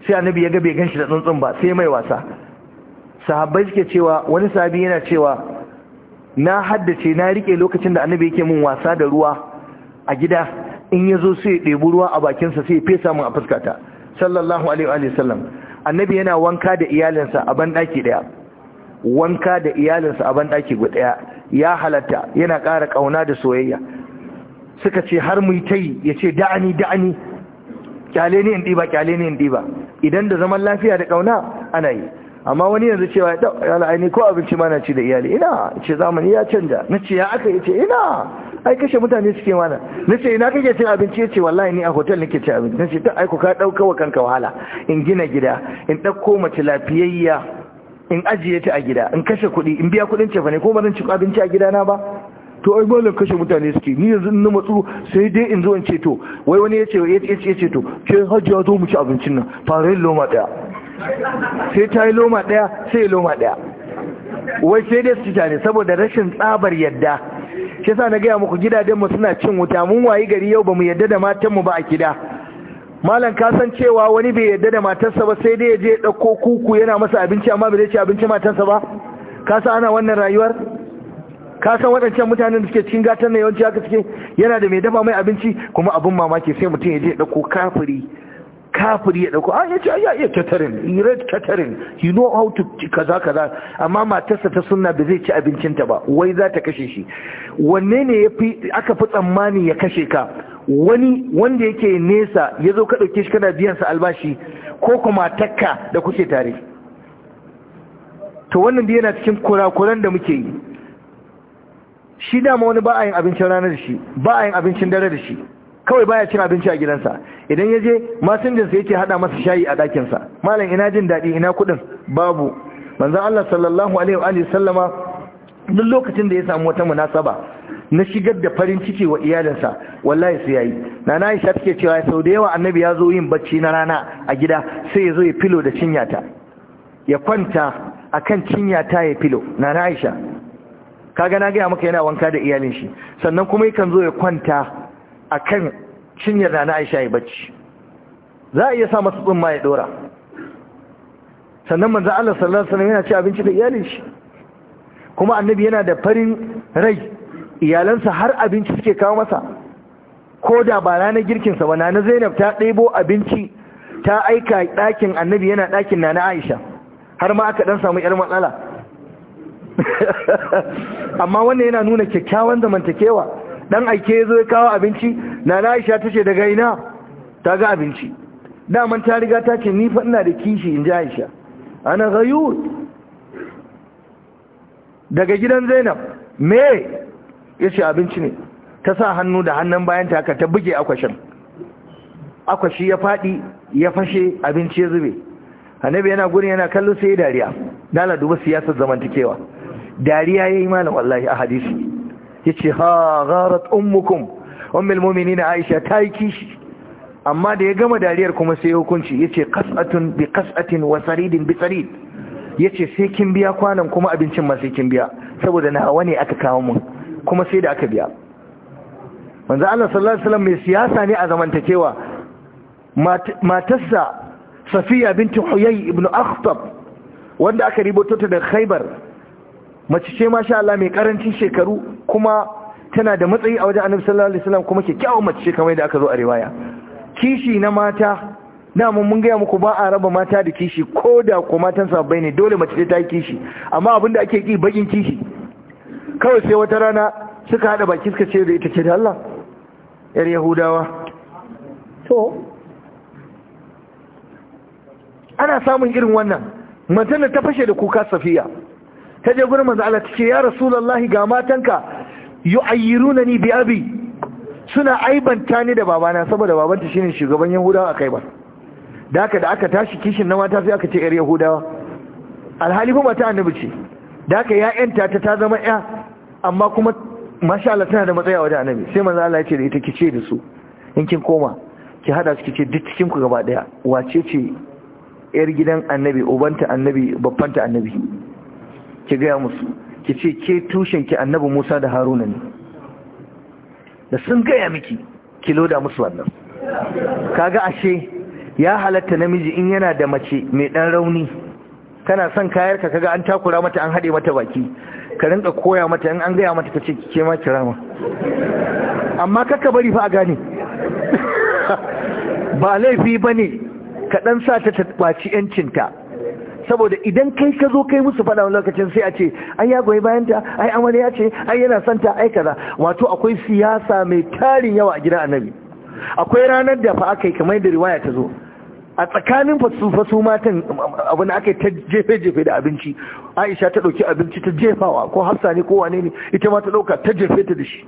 [SPEAKER 2] sai annabi ya ga bai ganshi da tsuntsun ba sai mai wasa sahabbai suke cewa wani sahabi yana cewa na haddace na rike lokacin da annabi yake min wasa da ruwa a gida in yazo sai ɗebi ruwa a bakinsa sai fesa min a fuskata sallallahu alaihi wa sallam annabi yana wanka da iyalinsa a banɗaki ɗaya wanka da iyalinsa a banɗaki ɗaya ya halatta yana ƙara ƙauna da soyayya suka ce har mu yi tai yace da'ani da'ani kyale ne in diba kyale ne in diba idan da zaman lafiya da ƙauna ana yi amma wani yanzu cewa ya aini ko abinci mana ci da iyali ina ce zamani ya canja na ce ya aka yi ce ina ai kashe mutane suke mana na ce ina kake cin abinci ya ce wallahi ni a hotel nake cin abinci na ce ta aiko ka ɗauka wa kanka wahala in gina gida in ɗauko mace lafiyayya in ajiye ta a gida in kashe kuɗi in biya kuɗin cefa ne ko ba zan ci abinci a gida na ba to ai malam kashe mutane suke ni yanzu na matsu sai dai in zo in ce to wai wani ya ce ya ce to ke hajjiya zo mu ci abincin nan fara yin loma daya sai ta yi loma daya sai loma daya wai sai dai su ne saboda rashin tsabar yadda shi sa na gaya muku gidajen mu suna cin wuta mun wayi gari yau ba mu yadda da matan mu ba a gida malam ka san cewa wani bai yadda da matarsa ba sai dai ya je ya dauko kuku yana masa abinci amma bai dace abinci matarsa ba ka san ana wannan rayuwar ka san waɗancan mutanen da suke cikin gatan na yawanci haka suke yana da mai dafa mai abinci kuma abin mamaki sai mutum ya je ɗauko kafiri kafiri ya ɗauko ah ya ce ah, ya iya catering he read catering he know how to kaza kaza amma matarsa ta sunna ba zai ci abincin ta ba wai za ta kashe shi wanne ne ya fi aka fi tsammani ya kashe ka wani wanda yake nesa ya zo ka ɗauke shi kana biyan sa albashi ko kuma takka da kuke tare to wannan da yana cikin kurakuran da muke yi shi dama wani ba abincin rana da shi ba abincin dare da shi kawai baya cin abinci a gidansa idan ya je masinjinsa yake hada masa shayi a ɗakinsa malam ina jin daɗi ina kuɗin babu manzan Allah sallallahu alaihi wa sallama duk lokacin da ya samu wata munasaba na shigar da farin ciki wa iyalinsa wallahi su yayi nana Aisha take cewa sau da yawa annabi ya zo yin bacci na rana a gida sai ya zo ya filo da cinyata ya kwanta akan cinyata ya filo nana Aisha kaga na gaya maka yana wanka da iyalin shi sannan kuma yakan zo ya kwanta a akan cinyar nana Aisha ya bacci za a iya sa masu tsumma ya dora sannan manzan Allah sallallahu alaihi yana ci abinci da iyalin shi kuma annabi yana da farin rai iyalansa har abinci suke kawo masa ko da ba ranar sa ba nana Zainab ta ɗebo abinci ta aika ɗakin annabi yana ɗakin nana Aisha har ma aka dan samu yar matsala amma wannan yana nuna kyakkyawan zamantakewa dan aike ya zo ya kawo abinci na na'isha ta ce daga ina ta ga abinci daman ta riga ta ce ni ina da kishi in ji Aisha ana ghayut daga gidan Zainab me ya ce abinci ne ta sa hannu da hannun bayan ta ka ta buge akwashin akwashi ya fadi ya fashe abinci ya zube annabi yana guri yana kallo sai dariya dala duba siyasar zamantakewa dariya ya yi malam wallahi a hadisi Ya yace ha gharat ummukum ummul na Aisha ta yi kishi amma da ya gama dariyar kuma sai hukunci Ya ce kasatun bi qas'atin wa saridin bi sarid ce sai kin biya kwanan kuma abincin ma sai kin biya saboda na hawa ne aka kawo mun kuma sai da aka biya wanzu Allah sallallahu mai siyasa ne a zamantakewa matarsa Safiya Bintu Huyay ibn Akhtab wanda aka ribotota ta da Khaibar mace ce masha Allah mai karancin shekaru kuma tana da matsayi a wajen annabi sallallahu alaihi wasallam kuma kyakkyawar mace ce kamar yadda aka zo a riwaya kishi na mata na mun gaya muku ba a raba mata da kishi ko da ko matan sabbai ne dole mace ce ta yi kishi amma abinda ake ki bakin kishi kawai sai wata rana suka hada baki suka ce da ita ce da Allah yar yahudawa to ana samun irin wannan matan da ta fashe da kuka safiya ta je gurin manzo Allah tace ya rasulullahi ga matanka yu'ayiruna ni bi abi suna aibanta ni da babana saboda babanta shine shugaban yahudawa kai ba da haka da aka tashi kishin na mata sai aka ce yar yahudawa alhali kuma ta annabi ce da haka ya yanta ta ta zama ya amma kuma masha Allah tana da matsayawa da annabi sai manzo Allah ya ce da ita kice da su in kin koma ki hada su kice duk cikin ku gaba daya wace ce yar gidan annabi ubanta annabi babbanta annabi ki gaya musu ki ce ke tushen ki annabi Musa da Haruna ne da sun gaya miki ki loda musu wannan kaga ashe ya halatta namiji in yana da mace mai dan rauni kana son kayar ka kaga an takura mata an hade mata baki ka rinka koya mata in an gaya mata ka ce ke ma kirama amma kaka bari fa a gane ba laifi bane ka dan sa ta ta baci yancinta saboda idan kai ka zo kai musu faɗa lokacin sai a ce ai ya goyi bayanta ai amarya ce ai yana santa ai kaza wato akwai siyasa mai tarin yawa a gidan annabi akwai ranar da fa aka yi kamar da riwaya ta zo a tsakanin fasu matan abin da aka yi ta jefe-jefe da abinci aisha ta ɗauki abinci ta jefawa ko hafsa ne ko wane ne ita ma ta ɗauka ta jefe ta da shi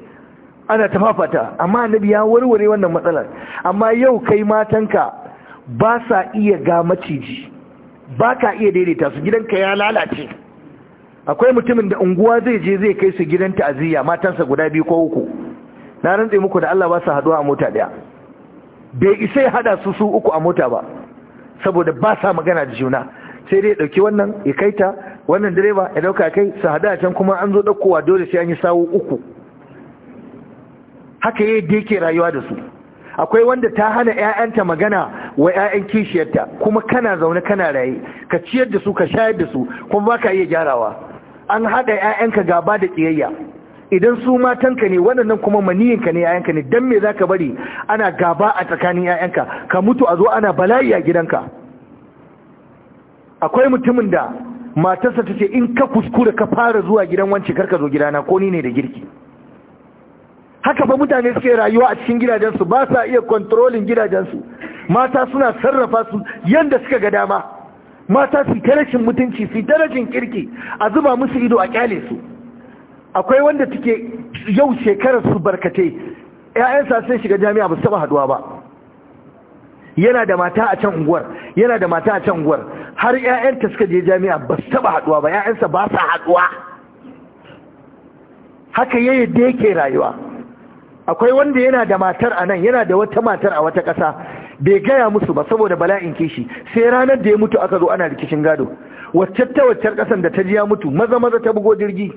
[SPEAKER 2] ana ta fafata amma annabi ya warware wannan matsalar amma yau kai matanka ba sa iya ga maciji ba ka iya daidaita su gidanka ya lalace akwai mutumin da unguwa zai je zai kai su gidan ta'aziyya matansa guda biyu ko uku na rantse muku da Allah ba su haduwa a mota daya bai isa ya hada su su uku a mota ba saboda ba sa magana da juna sai dai dauki wannan ya kai ta wannan direba ya dauka kai su a can kuma an zo daukowa dole sai an yi sawo uku haka yayi da yake rayuwa da su akwai wanda ta hana 'ya'yanta magana wa 'ya'yan kishiyarta kuma kana zaune kana raye ka ciyar da su ka shayar da su kuma ba ka iya gyarawa an haɗa 'ya'yanka gaba da ƙiyayya idan su matanka ne waɗannan kuma maniyinka ne 'ya'yanka ne don me za ka bari ana gaba a tsakanin 'ya'yanka ka mutu a zo ana bala'i a gidanka akwai mutumin da matarsa ta ce in ka kuskura ka fara zuwa gidan kar ka zo gidana ko ni ne da girki haka fa mutane suke rayuwa a cikin gidajensu ba sa iya kontrolin gidajensu mata suna sarrafa su yadda suka ga dama mata su tarashin mutunci su tarashin kirki a zuba musu ido a kyale su akwai wanda take yau shekarar su barkatai ƴaƴansa sun shiga jami'a ba su taba haduwa ba yana da mata a can unguwar yana da mata a can unguwar har ƴaƴanta suka je jami'a ba su taba haduwa ba ƴaƴansa ba sa haduwa haka yayin da yake rayuwa akwai wanda yana da matar a nan yana da wata matar a wata ƙasa bai gaya musu ba saboda bala'in kishi sai ranar da ya mutu aka zo ana rikicin gado wacce ta waccar ƙasan da ta ji ya mutu maza maza ta bugo jirgi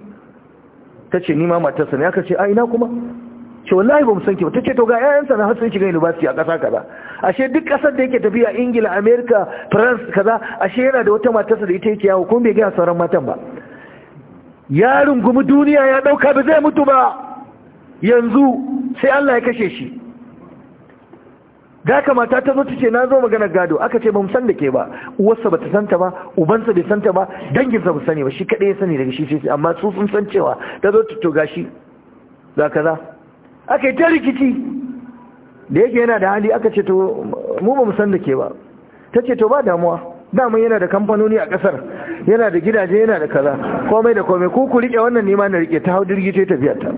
[SPEAKER 2] ta ce nima matarsa ne aka ce a ina kuma ce wallahi ba musanki ba ta ce to ga 'ya'yansa na hasu shiga university a ƙasa kaza ashe duk ƙasar da yake tafiya ingila america france kaza ashe yana da wata matarsa da ita yake yawo kuma bai gaya sauran matan ba yarin gumi duniya ya ɗauka ba zai mutu ba yanzu sai Allah ya kashe shi da mata ta zo ta ce na zo maganar gado aka ce ba mu san da ke ba uwarsa ba ta santa ba ubansa bai santa ba danginsa ba sani ba shi kaɗai ya sani daga shi sai amma su sun san cewa ta zo to gashi za kaza aka yi ta rikici da yake yana da hali aka ce to mu ba mu san da ke ba ta ce to ba damuwa daman yana da kamfanoni a kasar yana da gidaje yana da kaza komai da komai ku ku rike wannan neman na rike ta hau dirgi ta tafiya ta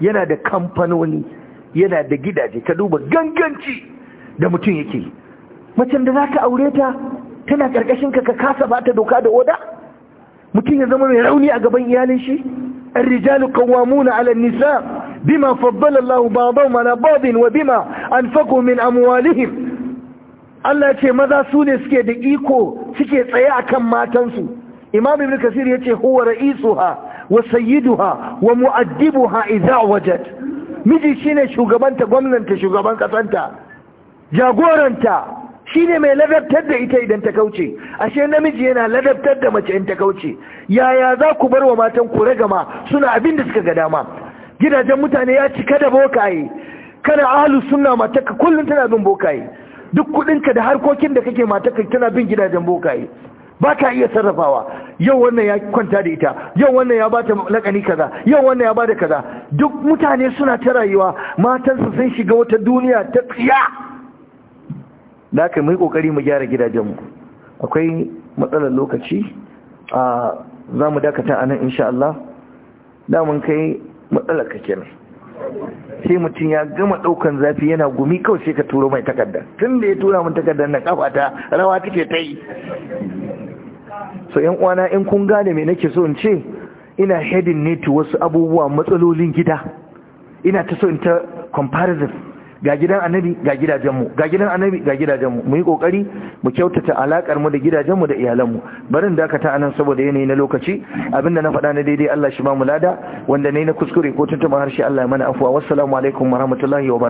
[SPEAKER 2] yana da kamfanoni yana da gidaje ka duba ganganci da mutum yake macen da za ka aure ta tana karkashin ka ka kasa ba ta doka da oda mutum ya zama mai rauni a gaban iyalin shi الرجال قوامون على النساء ba فضل الله babin wa bima an أنفقوا min أموالهم Allah ce maza su ne suke da iko suke tsaye akan matansu Imam Ibn Kasir ce huwa ra'isuha wa sayyiduha wa mu'addibuha idza wajad miji shine shugabanta gwamnanta shugaban kasanta jagoranta shine mai ladabtar da ita idan ta kauce ashe namiji yana ladabtar da mace in ta kauce yaya za ku bar wa matan ku ragama suna abin da suka ga dama gidajen mutane ya cika da bokaye kana ahlus sunna mataka kullun tana bin bokaye duk kudinka da harkokin da kake mataka tana bin gidajen bokaye ba ka iya sarrafawa yau wannan ya kwanta da ita yau wannan ya ba ta lakani kaza yau wannan ya ba da kaza duk mutane suna ta rayuwa matansu sun shiga wata duniya ta tsiya da aka mai kokari mu gyara gidajenmu akwai matsalar lokaci a za mu dakata a nan insha Allah damun kai matsalar ka kenan sai mutum ya gama daukan zafi yana gumi kawai sai ka turo mai takarda tun da ya tura min takardar na kafa ta rawa take ta yi so yan uwana in kun gane me nake so in ce ina hedin ne to wasu abubuwa matsalolin gida ina ta so in ta comparison ga gidan annabi ga gidajenmu ga gidan annabi ga gidajenmu mu yi kokari mu kyautata alakar mu da gidajenmu da iyalanmu barin dakata anan saboda yanayi na lokaci abinda na faɗa na daidai Allah shi ba mu lada wanda ne na kuskure ko tuntuma harshe Allah ya mana afwa wassalamu alaikum warahmatullahi wabarakatuh